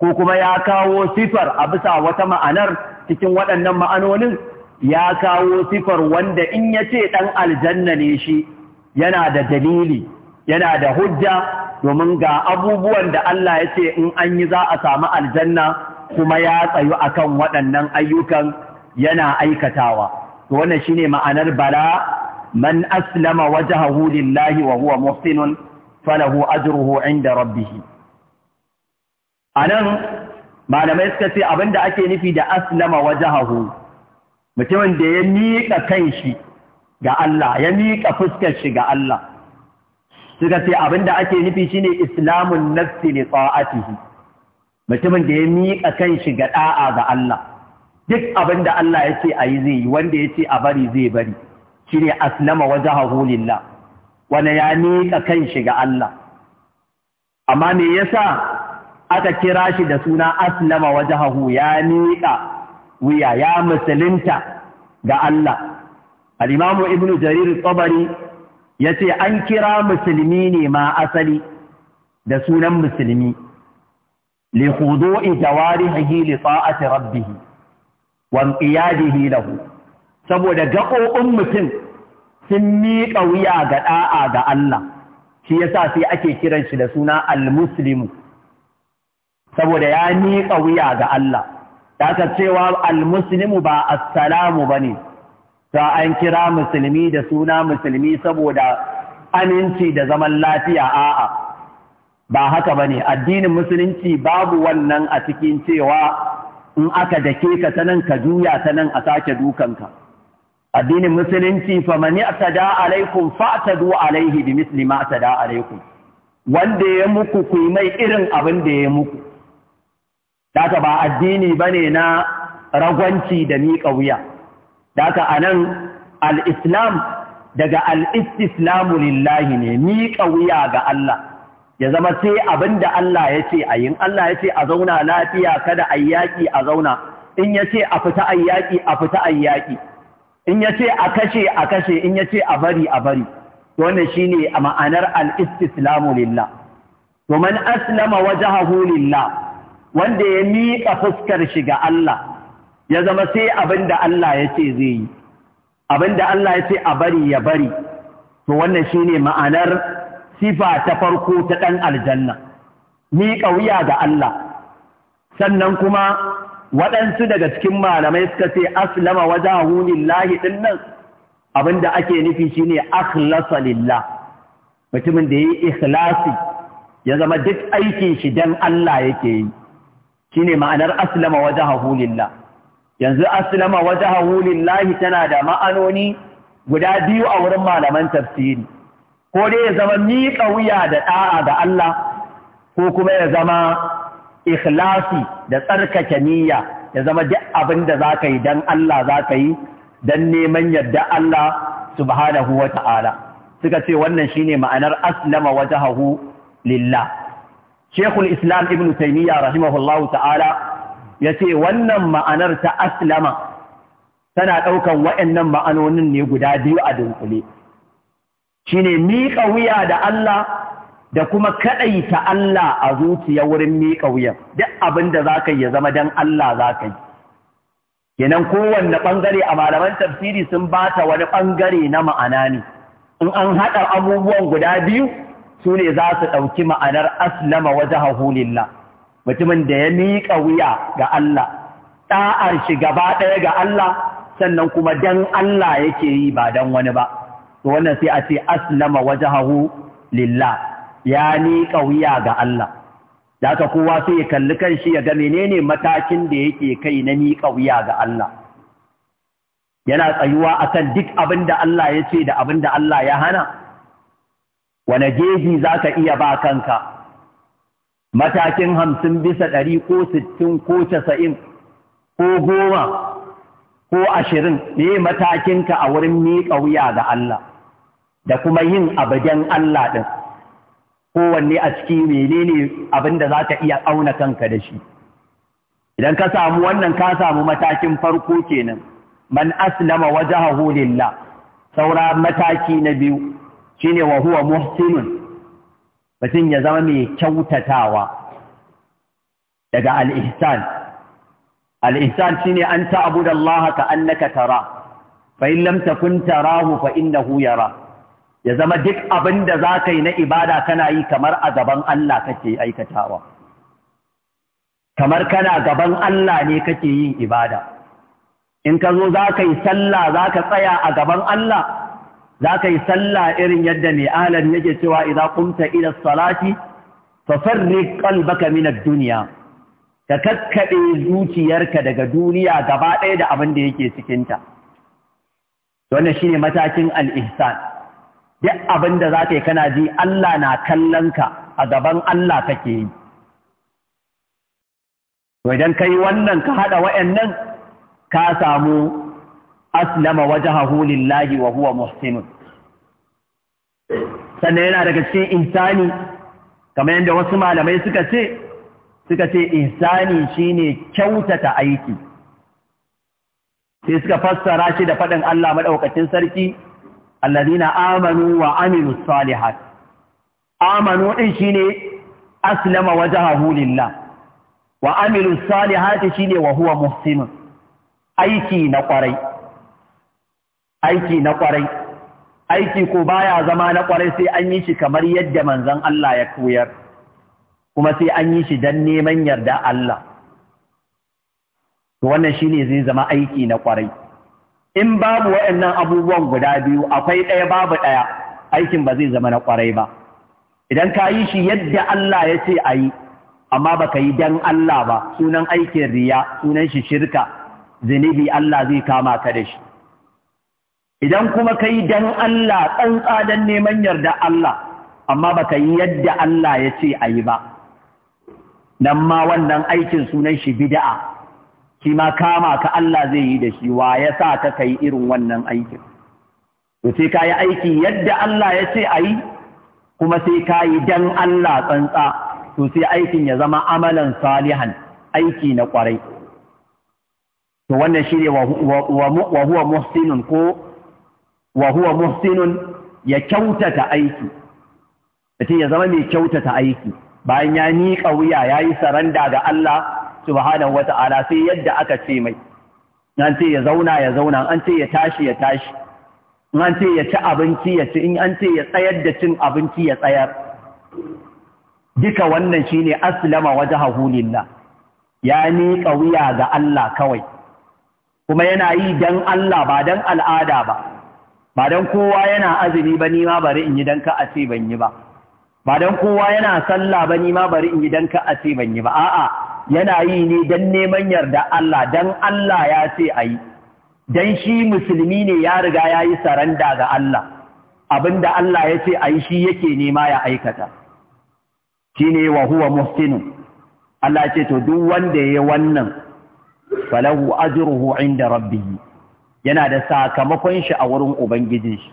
A: ko kuma ya kawo sifar a bisa wata ma'anar cikin waɗannan ma'anonin ya kawo sifar wanda in ya ce ɗan aljanna ne shi yana da dalili yana da hujja domin ga abubuwan da Allah ya ce in an yi za a samu aljanna kuma ya tsayu akan waɗannan ayyukan yana aikatawa to wannan shine ma'anar bala man aslama wajhahu lillahi wa huwa muhsinun falahu ajruhu inda rabbihi a nan malamai suka ce abin da ake nufi da aslama wajahahu mutumin da ya miƙa kanshi ga Allah ya miƙa fuskar shi ga Allah suka ce abin da ake nufi shi ne islamun nafsi ne ta'atihi mutumin da ya miƙa kanshi ga ɗa'a ga Allah duk abin da Allah ya ce a yi zai yi wanda ya ce a bari zai bari shi ne aslama wajahahu lilla. wanda ya miƙa kanshi ga Allah amma me yasa aka kira shi da suna aslama wajahahu ya miƙa wuya ya musulunta ga Allah Alimamu ibnu jarir ya yace an kira musulmi ne ma asali da sunan musulmi li khudu'i jawarihi li ta'ati rabbih wa inqiyadihi lahu saboda gaƙoƙin mutum sun miƙa wuya ga ɗa'a ga Allah shi yasa sai ake kiran shi da suna al-muslimu saboda ya miƙa wuya ga Allah ka cewa almuslimu ba assalamu bane ta an kira musulmi da suna musulmi saboda aminci da zaman lafiya a'a ba haka bane addinin musulunci babu wannan a cikin cewa in aka dake ka ta nan ka juya ta a sake dukanka addinin musulunci fa man fa alaikum fa'tadu alaihi bi misli ma alaikum wanda ya muku ku mai irin abin da ya muku Daka ba addini ba ne na ragwanci da miƙa wuya. Daka a nan al'islam daga al'istislamu lillahi ne miƙa wuya ga Allah. Ya zama sai abin da Allah ya ce a yin Allah ya ce a zauna lafiya kada a yaƙi a zauna, in ya ce a fita a yaƙi a fita a yaƙi, in ya ce a kashe a kashe, in ya ce a bari a bari. Wannan shi ne a ma'anar al'istislamu lillah. To aslama wajahahu lillah wanda ya miƙa fuskar shi ga Allah ya zama sai abin da Allah ya ce zai yi abin da Allah ya ce a bari ya bari to wannan ne ma'anar sifa ta farko ta ɗan aljanna miƙa wuya ga Allah sannan kuma waɗansu daga cikin malamai suka ce aslama wajahu lillahi lahi nan abin da ake nufi shine akhlasa lillah mutumin da ya yi ikhlasi ya zama duk aikin shi don Allah yake yi shine ma'anar aslama wajahahu lillah yanzu aslama wajahahu lillah tana da ma'anoni guda biyu a wurin malaman tafsiri ko dai ya zama miƙa wuya da ɗa'a ga Allah ko kuma ya zama ikhlasi da tsarkake niyya ya zama duk abin da za ka yi don Allah za ka yi don neman yadda Allah subhanahu wa ta'ala suka ce wannan shine ma'anar aslama wajahahu lillah Shekul Islam Ibn Taymiyyah rahimahullahu ta'ala ya ce wannan ma'anar ta aslama tana ɗaukan waɗannan ma'anonin ne guda biyu a dunkule. Shi ne miƙa wuya da Allah da kuma kaɗaita Allah a zuciya wurin miƙa wuyan, duk abin da za ka yi ya zama don Allah za ka yi. Kenan kowanne ɓangare a malaman tafsiri sun ba ta wani ɓangare na ma'ana ne, in an haɗa abubuwan guda biyu su ne za su ɗauki ma'anar aslama waje lillah mutumin da ya miƙa wuya ga Allah ɗa'ar shi gaba ɗaya ga Allah sannan kuma dan Allah yake yi ba dan wani ba to wannan sai a ce aslama waje lillah ya miƙa wuya ga Allah da aka kowa sai ya kalli kan shi ya ga menene matakin da yake kai na miƙa wuya ga Allah yana tsayuwa akan duk abin da Allah ya ce da abin da Allah ya hana wane geji za ka iya ba kanka matakin hamsin bisa ɗari ko sittin ko casa'in ko goma ko ashirin ne matakinka a wurin miƙa wuya ga Allah da kuma yin abagen Allah ɗin kowanne a ciki menene abin da za ka iya auna kanka da shi idan ka samu wannan ka samu matakin farko kenan man aslama wajahahu lillah saura mataki na biyu shine wa huwa muhsinun mutum ya zama mai kyautatawa daga al-ihsan al-ihsan shine an ta'budu Allah ka annaka tara fa lamta lam takun tarahu fa innahu ya zama duk abin da zaka yi na ibada kana yi kamar a gaban Allah kake aikatawa kamar kana gaban Allah ne kake yin ibada in ka zo ka yi sallah zaka tsaya a gaban Allah za ka yi sallah irin yadda mai alam yake cewa idan kumta ila salati fafarri qalbaka min ad-dunya ka kakkaɓe zuciyarka daga duniya gaba ɗaya da abin da yake cikin ta wannan shine matakin al-ihsan duk abin da za ka yi kana ji Allah na kallon ka a gaban Allah kake yi to idan kai wannan ka hada wayannan ka samu aslama wajhahu lillahi wa huwa sannan yana daga cikin insani kamar yadda wasu malamai suka ce suka ce insani shine kyautata aiki sai suka fassara shi da faɗin Allah madaukakin sarki allazina amanu wa amilus salihat amanu din shine aslama wajhahu lillah wa amilus salihati shine wa huwa aiki na kwarai aiki na kwarai aiki ko baya zama na kwarai sai an yi shi kamar yadda manzon Allah ya koyar kuma sai an yi shi dan neman yarda Allah to wannan shine zai zama aiki na kwarai in babu waɗannan abubuwan guda biyu akwai ɗaya babu ɗaya aikin ba zai zama na kwarai ba idan ka yi shi yadda Allah ya ce a yi amma baka yi dan Allah ba sunan aikin riya sunan shi shirka zunubi Allah zai kama ka da shi idan kuma ka yi don Allah tsantsa don neman yarda Allah amma ba ka yi yadda Allah ya ce a yi ba nan ma wannan aikin sunan shi bida'a shi ma kama ka Allah zai yi da shi wa ya sa ka kai irin wannan aikin to sai ka yi aiki yadda Allah ya ce a yi kuma sai ka yi don Allah tsantsa to sai aikin ya zama amalan salihan aiki na kwarai to wannan shi ne wa huwa muhsinun ko wa huwa muhsinun ya kyautata aiki ya zama mai kyautata aiki bayan ya miƙa wuya ya saranda ga Allah subhanahu wa sai yadda aka ce mai an ce ya zauna ya zauna an ce ya tashi ya tashi an ce ya ci abinci ya ci in an ce ya tsayar da cin abinci ya tsayar duka wannan shine aslama wajhahu lillah ya miƙa wuya ga Allah kawai kuma yana yi dan Allah ba dan al'ada ba ba don kowa yana azumi ba ni ma bari in yi don ka a ban yi ba ba don kowa yana sallah ba ni ma bari in yi don ka a ban yi ba a'a yana yi ne don neman yarda Allah don Allah ya ce a yi don shi musulmi ne ya riga ya yi saranda ga Allah abinda Allah ya ce a yi shi yake nema ya aikata shi ne wa huwa muhsinu Allah ce to duk wanda ya yi wannan falahu ajruhu inda rabbihi yana da sakamakon shi a wurin ubangiji shi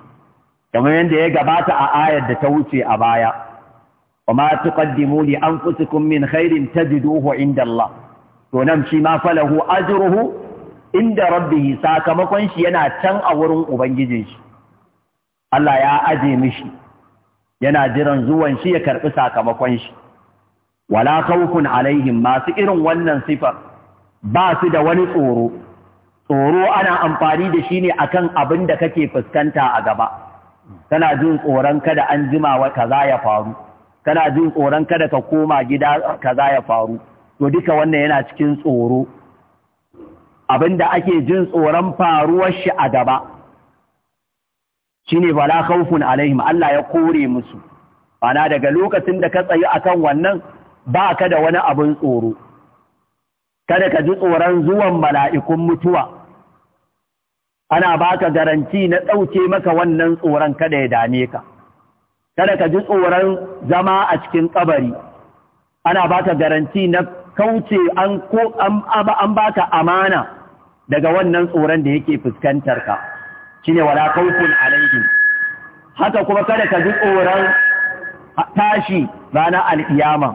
A: kamar yadda ya gabata a ayar da ta wuce a baya wa ma tuqaddimu li anfusikum min khairin tajiduhu inda Allah to nan shi ma falahu ajruhu inda rabbihi sakamakon shi yana can a wurin ubangijin shi Allah ya aje mishi yana jiran zuwan shi ya karɓi sakamakon shi wala khawfun alaihim masu irin wannan sifar ba su da wani tsoro tsoro ana amfani da shi ne akan abin da kake fuskanta a gaba kana jin tsoron kada an jima wa kaza ya faru kana jin tsoron kada ka koma gida kaza ya faru to duka wannan yana cikin tsoro abin da ake jin tsoron faruwar shi a gaba shine Bala khawfun alaihim Allah ya kore musu ana daga lokacin da ka tsayi akan wannan ba ka da wani abin tsoro kada ka ji tsoron zuwan mala'ikun mutuwa ana baka garanti na ɗauke maka wannan tsoron kada ya dame ka kada ka ji tsoron zama a cikin ƙabari, ana baka garanti na kauce an ko an baka amana daga wannan tsoron da yake fuskantar ka ne wala khawfun alaihim haka kuma kada ka ji tsoron tashi rana alkiyama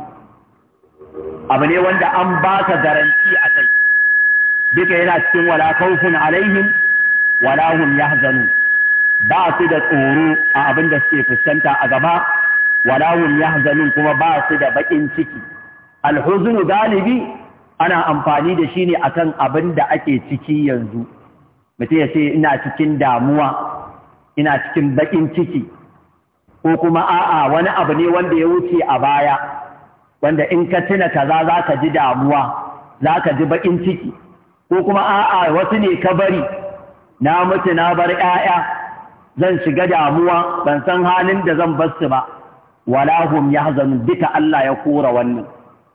A: abu ne wanda an baka garanti a kai duka yana cikin wala khawfun alaihim wala yahzanu ba su da tsoro a abin da suke fuskanta a gaba wala yahzanu kuma ba su da bakin ciki Alhuzun galibi ana amfani da shi ne akan abin da ake ciki yanzu mutum ya ce ina cikin damuwa ina cikin bakin ciki ko kuma a'a wani abu ne wanda ya wuce a baya wanda in ka tuna kaza za ka ji damuwa za ka ji bakin ciki ko kuma a'a wasu ne ka bari na mutu na bar ‘ya'ya zan shiga damuwa ban san halin da zan basu ba walahum yahzan hazanu duka Allah ya kora wannan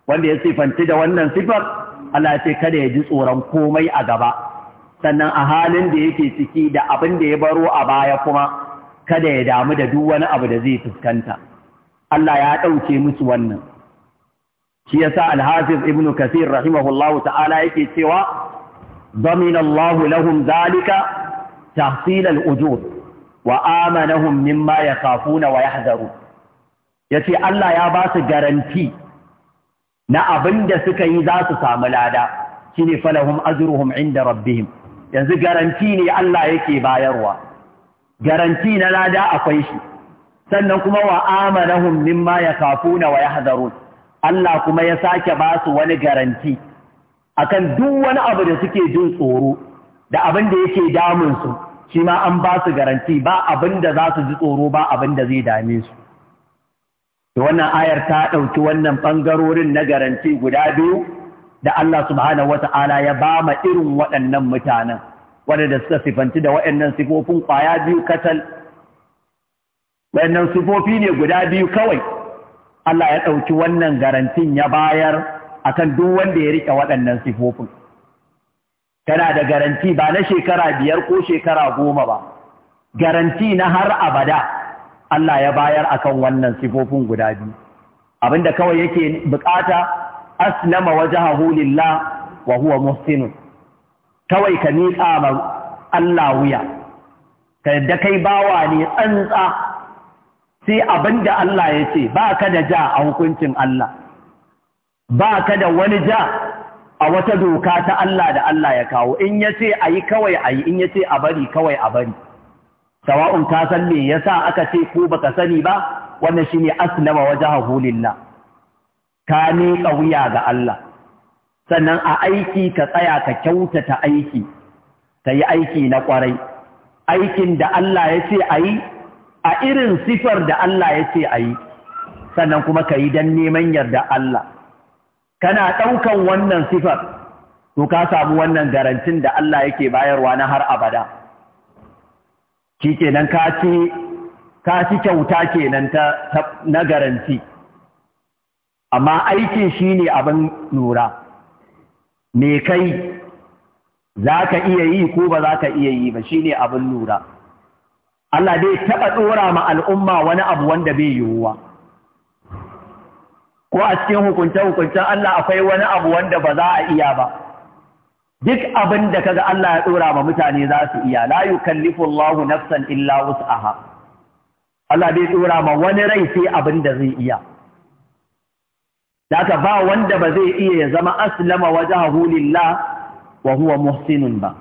A: wanda ya sifanci da wannan sifar Allah ya ce kada ya ji tsoron komai a gaba sannan a halin da yake ciki da abin da ya baro a baya kuma kada ya damu da duk wani abu da zai fuskanta Allah ya ɗauke musu wannan shi yasa al-hafiz ibnu kathir rahimahullahu ta'ala yake cewa ضمن الله لهم ذلك تحصيل الأجور وآمنهم مما يخافون ويحذرون yace Allah ya basu garanti na abinda suka yi za su samu lada shine falahum ajruhum inda rabbihim yanzu garanti ne Allah yake bayarwa garanti na lada akwai shi sannan kuma wa amanahum mimma yakafuna wa yahzarun Allah kuma ya sake basu wani garanti akan duk wani abu da suke jin tsoro da abin da yake damun su shi ma an ba su garanti ba abin da za su ji tsoro ba abin da zai dame su to wannan ayar ta ɗauki wannan bangarorin na garanti guda biyu da Allah subhanahu wata'ala ya ba ma irin waɗannan mutanen waɗanda suka sifanci da waɗannan sifofin ƙwaya biyu katal waɗannan sifofi ne guda biyu kawai Allah ya ɗauki wannan garantin ya bayar akan duk wanda ya rike waɗannan sifofin kana da garanti ba na shekara biyar ko shekara goma ba garanti na har abada Allah ya bayar akan wannan sifofin guda biyu abinda kawai yake bukata aslama wajhahu lillah wa huwa muhsin kawai ka miƙa ma Allah wuya ka yadda kai bawa ne tsantsa sai abinda Allah ya ce ba ka da ja a hukuncin Allah ba ka da wani ja a wata doka ta Allah da Allah ya kawo in ya ce a yi kawai a yi in ya ce a bari kawai a bari sawa'un ka san me yasa aka ce ko baka sani ba wannan shine aslama wajen lillah ka ne wuya ga Allah sannan a aiki ka tsaya ka kyautata aiki ka yi aiki na kwarai aikin da Allah ya ce a yi a irin sifar da Allah ya ce a yi sannan kuma ka yi don neman yarda Allah kana ɗaukan wannan sifar to ka samu wannan garantin da Allah yake bayarwa na har abada shi kenan ka ka ci kyauta kenan ta na garanti amma aiki shine abin lura me kai za ka iya yi ko ba za ka iya yi ba Shi ne abin lura Allah dai taɓa ɗora ma al'umma wani abu wanda bai yiwuwa. ko a cikin hukunce-hukuncen Allah akwai wani abu wanda ba za a iya ba duk abin da kaga Allah ya dora ma mutane za su iya la yukallifu Allahu nafsan illa wus'aha Allah bai dora ma wani rai sai abin da zai iya Daka ba wanda ba zai iya ya zama aslama wajahu lillah wa huwa muhsinun ba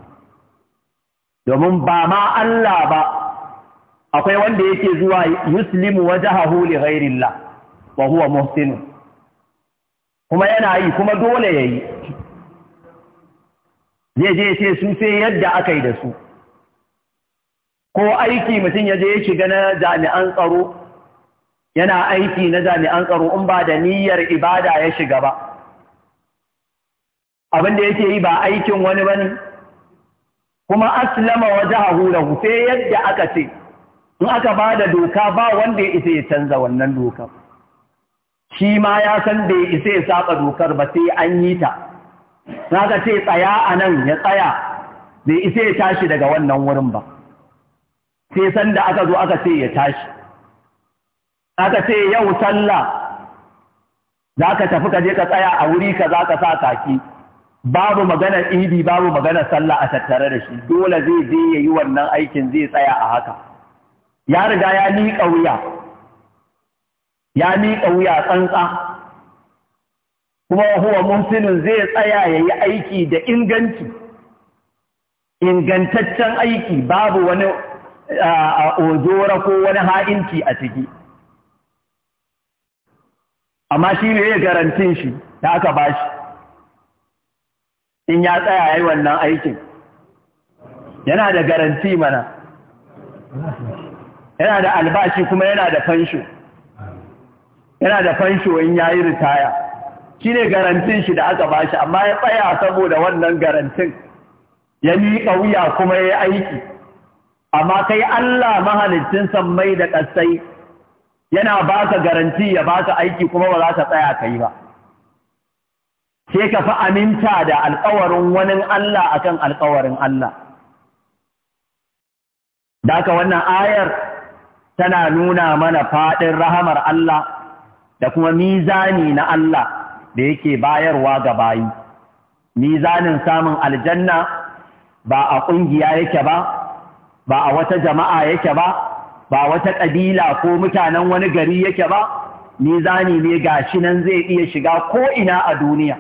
A: domin ba ma Allah ba akwai wanda yake zuwa yuslimu wajahahu li ghairillah wa huwa muhsinun kuma yana yi kuma dole ya yi zai je sai su sai yadda aka yi da su ko aiki mutum ya je ya shiga na jami'an tsaro yana aiki na jami'an tsaro in ba da niyyar ibada ya shiga ba abin da yake yi ba aikin wani bane kuma aslama a hula, sai yadda aka ce in aka ba da doka ba wanda ya isa ya canza wannan dokar. shi ma ya san bai isa ya saba dokar ba sai an yi ta za ka ce tsaya a nan ya tsaya bai isa ya tashi daga wannan wurin ba sai san da aka zo aka ce ya tashi aka ce yau sallah za ka tafi ka je ka tsaya a wuri ka za ka sa kaki babu maganar idi babu maganar sallah a tattare da shi dole zai je ya yi wannan aikin zai tsaya a haka ya riga ya ni wuya ya miƙa wuya tsantsa kuma huwa mumsinin zai tsaya ya yi aiki da inganci ingantaccen aiki babu wani ojora ko wani ha'inci a ciki amma shi ne ya garantin shi da aka ba shi in ya tsaya ya yi wannan aikin yana da garanti mana yana da albashi kuma yana da fansho yana da fansho ya yi ritaya shi ne garantin shi da aka ba shi. amma ya tsaya saboda wannan garantin ya miƙa wuya kuma ya yi aiki amma kai Allah san mai da ƙasai yana ba baka garanti ya ba baka aiki kuma ba za ka tsaya ka yi ba sai ka fi aminta da alkawarin wani Allah akan alkawarin Allah. Daka wannan ayar tana nuna mana faɗin rahamar Allah da kuma mizani na Allah da yake bayarwa ga bayi mizanin samun aljanna ba a ƙungiya yake ba ba a wata jama'a yake ba ba wata ƙabila ko mutanen wani gari yake ba mizani ne ga shi nan zai iya shiga ko ina a duniya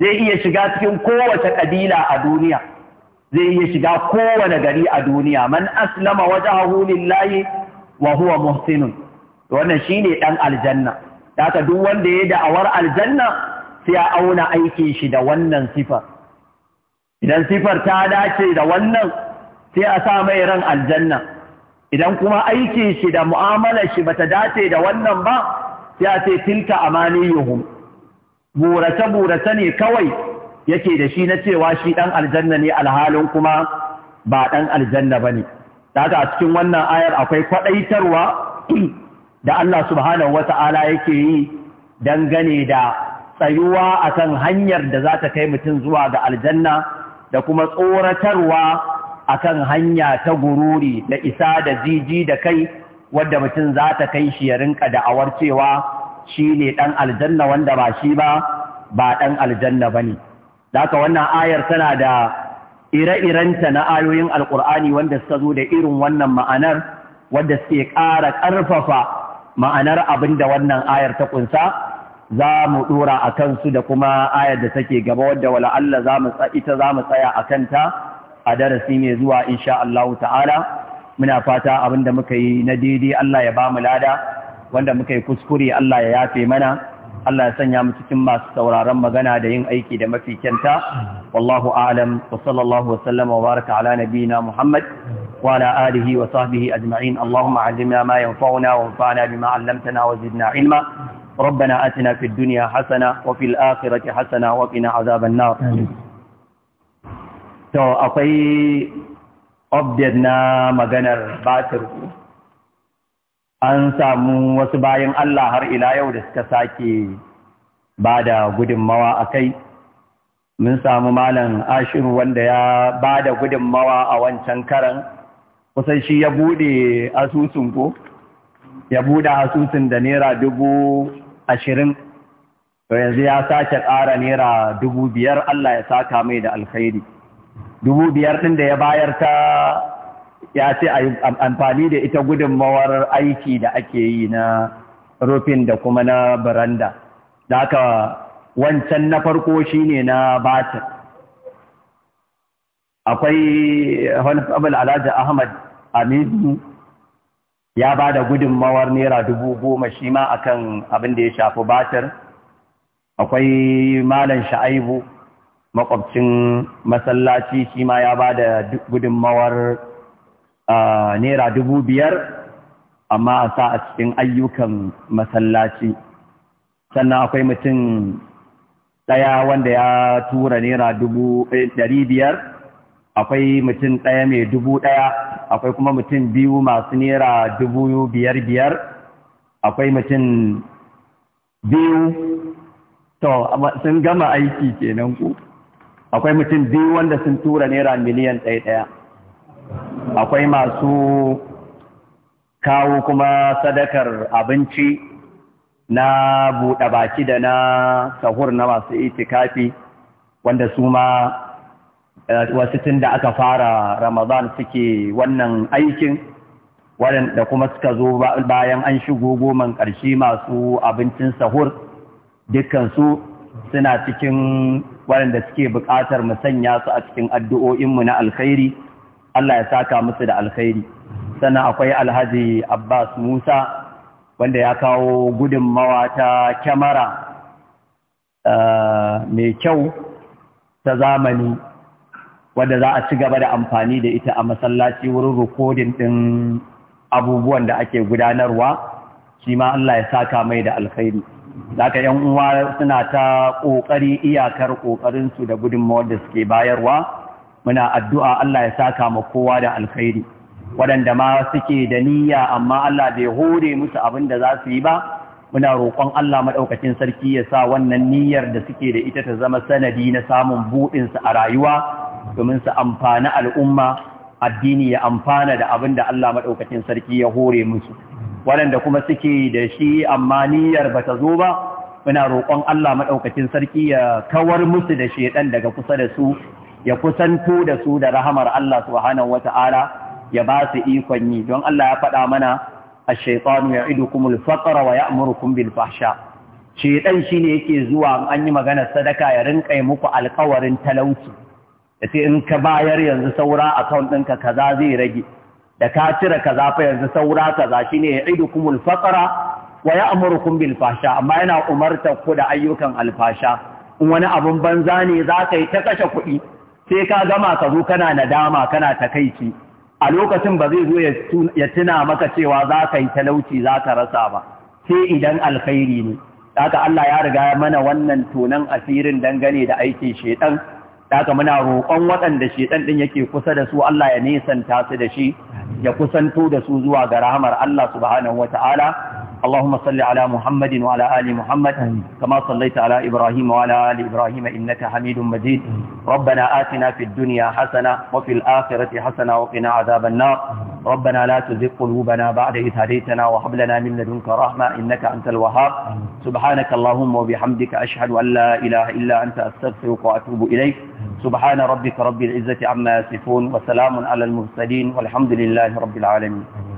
A: zai iya shiga cikin kowace ƙabila a duniya zai iya shiga kowane gari a duniya man aslama wajahu lillahi wa huwa muhsinun wannan shine ɗan aljanna haka duk wanda ya da'awar aljanna sai ya auna aikin shi da wannan sifar idan sifar ta dace da wannan sai a sa mai ran aljanna idan kuma aikin shi da mu'amalar shi bata dace da wannan ba sai a ce tilka amaniyuhum burace burace ne kawai yake da shi na cewa shi ɗan aljanna ne alhalin kuma ba ɗan aljanna bane daga a cikin wannan ayar akwai kwaɗaitarwa da Allah subhanahu wata'ala yake yi dangane da tsayuwa akan hanyar da za ta kai mutum zuwa ga aljanna da kuma tsoratarwa akan hanya ta gururi da isa da jiji da kai wadda mutum za ta kai shi ya rinka awar cewa shi ne ɗan aljanna wanda ba shi ba ba ɗan aljanna ba ne. Daka wannan ayar tana da ire-irenta na ayoyin Alƙur'ani wanda suka zo da irin wannan ma'anar wadda suke ƙara ƙarfafa ma'anar abin da wannan ayar ta kunsa za mu dora a kansu da kuma ayar da take gaba wadda wala Allah za mu ita za mu tsaya a kanta a darasi mai zuwa insha Allah ta'ala muna fata abinda muka yi na daidai Allah ya ba mu lada wanda muka yi kuskure Allah ya yafe mana Allah ya sanya mu cikin masu sauraron magana da yin aiki da mafi kyanta wallahu a'lam wa sallallahu wa sallama wa baraka ala nabiyyina Muhammad wa ala alihi wa sahbihi ajma'in Allahumma 'allimna ma yanfa'una wa anfa'na bima 'allamtana wa zidna 'ilma ربنا آتنا في الدنيا حسنة وفي الآخرة حسنة وقنا عذاب النار to akwai update na maganar batir an samu wasu bayan Allah har ila yau da suka sake ba da gudunmawa a kai. Mun samu Malam Ashiru wanda ya ba da gudunmawa a wancan karan, kusan shi ya bude asusun ko? Ya bude asusun da Naira dubu ashirin, to yanzu ya sake ƙara Naira dubu biyar Allah ya saka mai da alkhairi. Dubu biyar ɗin da ya bayar ta ya ce a yi amfani da ita gudunmawar aiki da ake yi na rufin da kuma na baranda da aka wancan na farko shi ne na batin akwai honorable alhaji ahmad aminu ya ba da gudunmawar naira dubu goma shi ma akan abin da ya shafi batir akwai malam sha'aibu makwabcin masallaci shi ma ya ba da gudunmawar naira dubu biyar amma a sa a cikin ayyukan masallaci sannan akwai mutum ɗaya wanda ya tura naira dubu eh, ɗari biyar akwai mutum ɗaya mai dubu ɗaya akwai kuma mutum biyu masu naira dubu biyar biyar akwai mutum biyu to sun gama aiki kenan ku akwai mutum biyu wanda sun tura naira miliyan ɗaya ɗaya akwai masu kawo kuma sadakar abinci na buɗe baki da na sahur na masu itikafi wanda su ma eh, wasu tun da aka fara ramadan suke wannan aikin waɗanda kuma suka zo bayan an shigo goman ƙarshe masu abincin sahur dukkansu suna cikin waɗanda suke buƙatar mu sanya su a cikin addu'o'inmu na alkhairi Allah ya saka musu da alkhairi sannan akwai alhaji Abbas Musa wanda ya kawo gudun ta kyamara eh, mai kyau ta zamani wanda za a ci gaba da amfani da ita a masallaci wurin rikodin ɗin abubuwan da ake gudanarwa shi ma Allah ya saka mai da alkhairi zaka yan uwa suna ta ƙoƙari iyakar ƙoƙarinsu da gudunmawar da suke bayarwa muna addu'a Allah ya saka ma kowa da alkhairi waɗanda ma suke da niyya amma Allah bai hore musu abin da za su yi ba muna roƙon Allah maɗaukacin sarki ya sa wannan niyyar da suke da ita ta zama sanadi na samun buɗinsu a rayuwa domin su amfani al'umma addini ya amfana da abin da Allah maɗaukacin sarki ya hore musu waɗanda kuma suke da shi amma niyyar ba ta zo ba muna roƙon Allah maɗaukacin sarki ya kawar musu da shaiɗan daga kusa da su ya kusanto da su da rahamar Allah subhanahu wata'ala ya ba su ikon yi don Allah ya faɗa mana ash-shaytanu ya'idukumul faqra wa ya'murukum bil fahsha shi shine yake zuwa an yi magana sadaka ya rinka muku alƙawarin talauci ce in ka bayar yanzu saura account ɗinka kaza zai rage da ka cire kaza fa yanzu saura kaza shine ya'idukumul faqra wa ya'murukum bil amma yana umartar ku da ayyukan alfasha in wani abun banza ne za ka yi ta kashe kuɗi sai ka gama ka zo kana nadama kana takaici a lokacin ba zai zo ya tuna maka cewa za ka yi talauci za ka rasa ba sai idan alkhairi ne haka Allah ya riga mana wannan tunan asirin dangane da aikin shedan haka muna roƙon waɗanda shedan din yake kusa da su Allah ya nesanta su da shi ya kusanto da su zuwa ga rahmar Allah subhanahu wataala اللهم صل على محمد وعلى آل محمد كما صليت على إبراهيم وعلى آل إبراهيم إنك حميد مجيد ربنا آتنا في الدنيا حسنة وفي الآخرة حسنة وقنا عذاب النار ربنا لا تزغ قلوبنا بعد إذ هديتنا وهب لنا من لدنك رحمة إنك أنت الوهاب سبحانك اللهم وبحمدك أشهد أن لا إله إلا أنت أستغفرك وأتوب إليك سبحان ربك رب العزة عما يصفون وسلام على المرسلين والحمد لله رب العالمين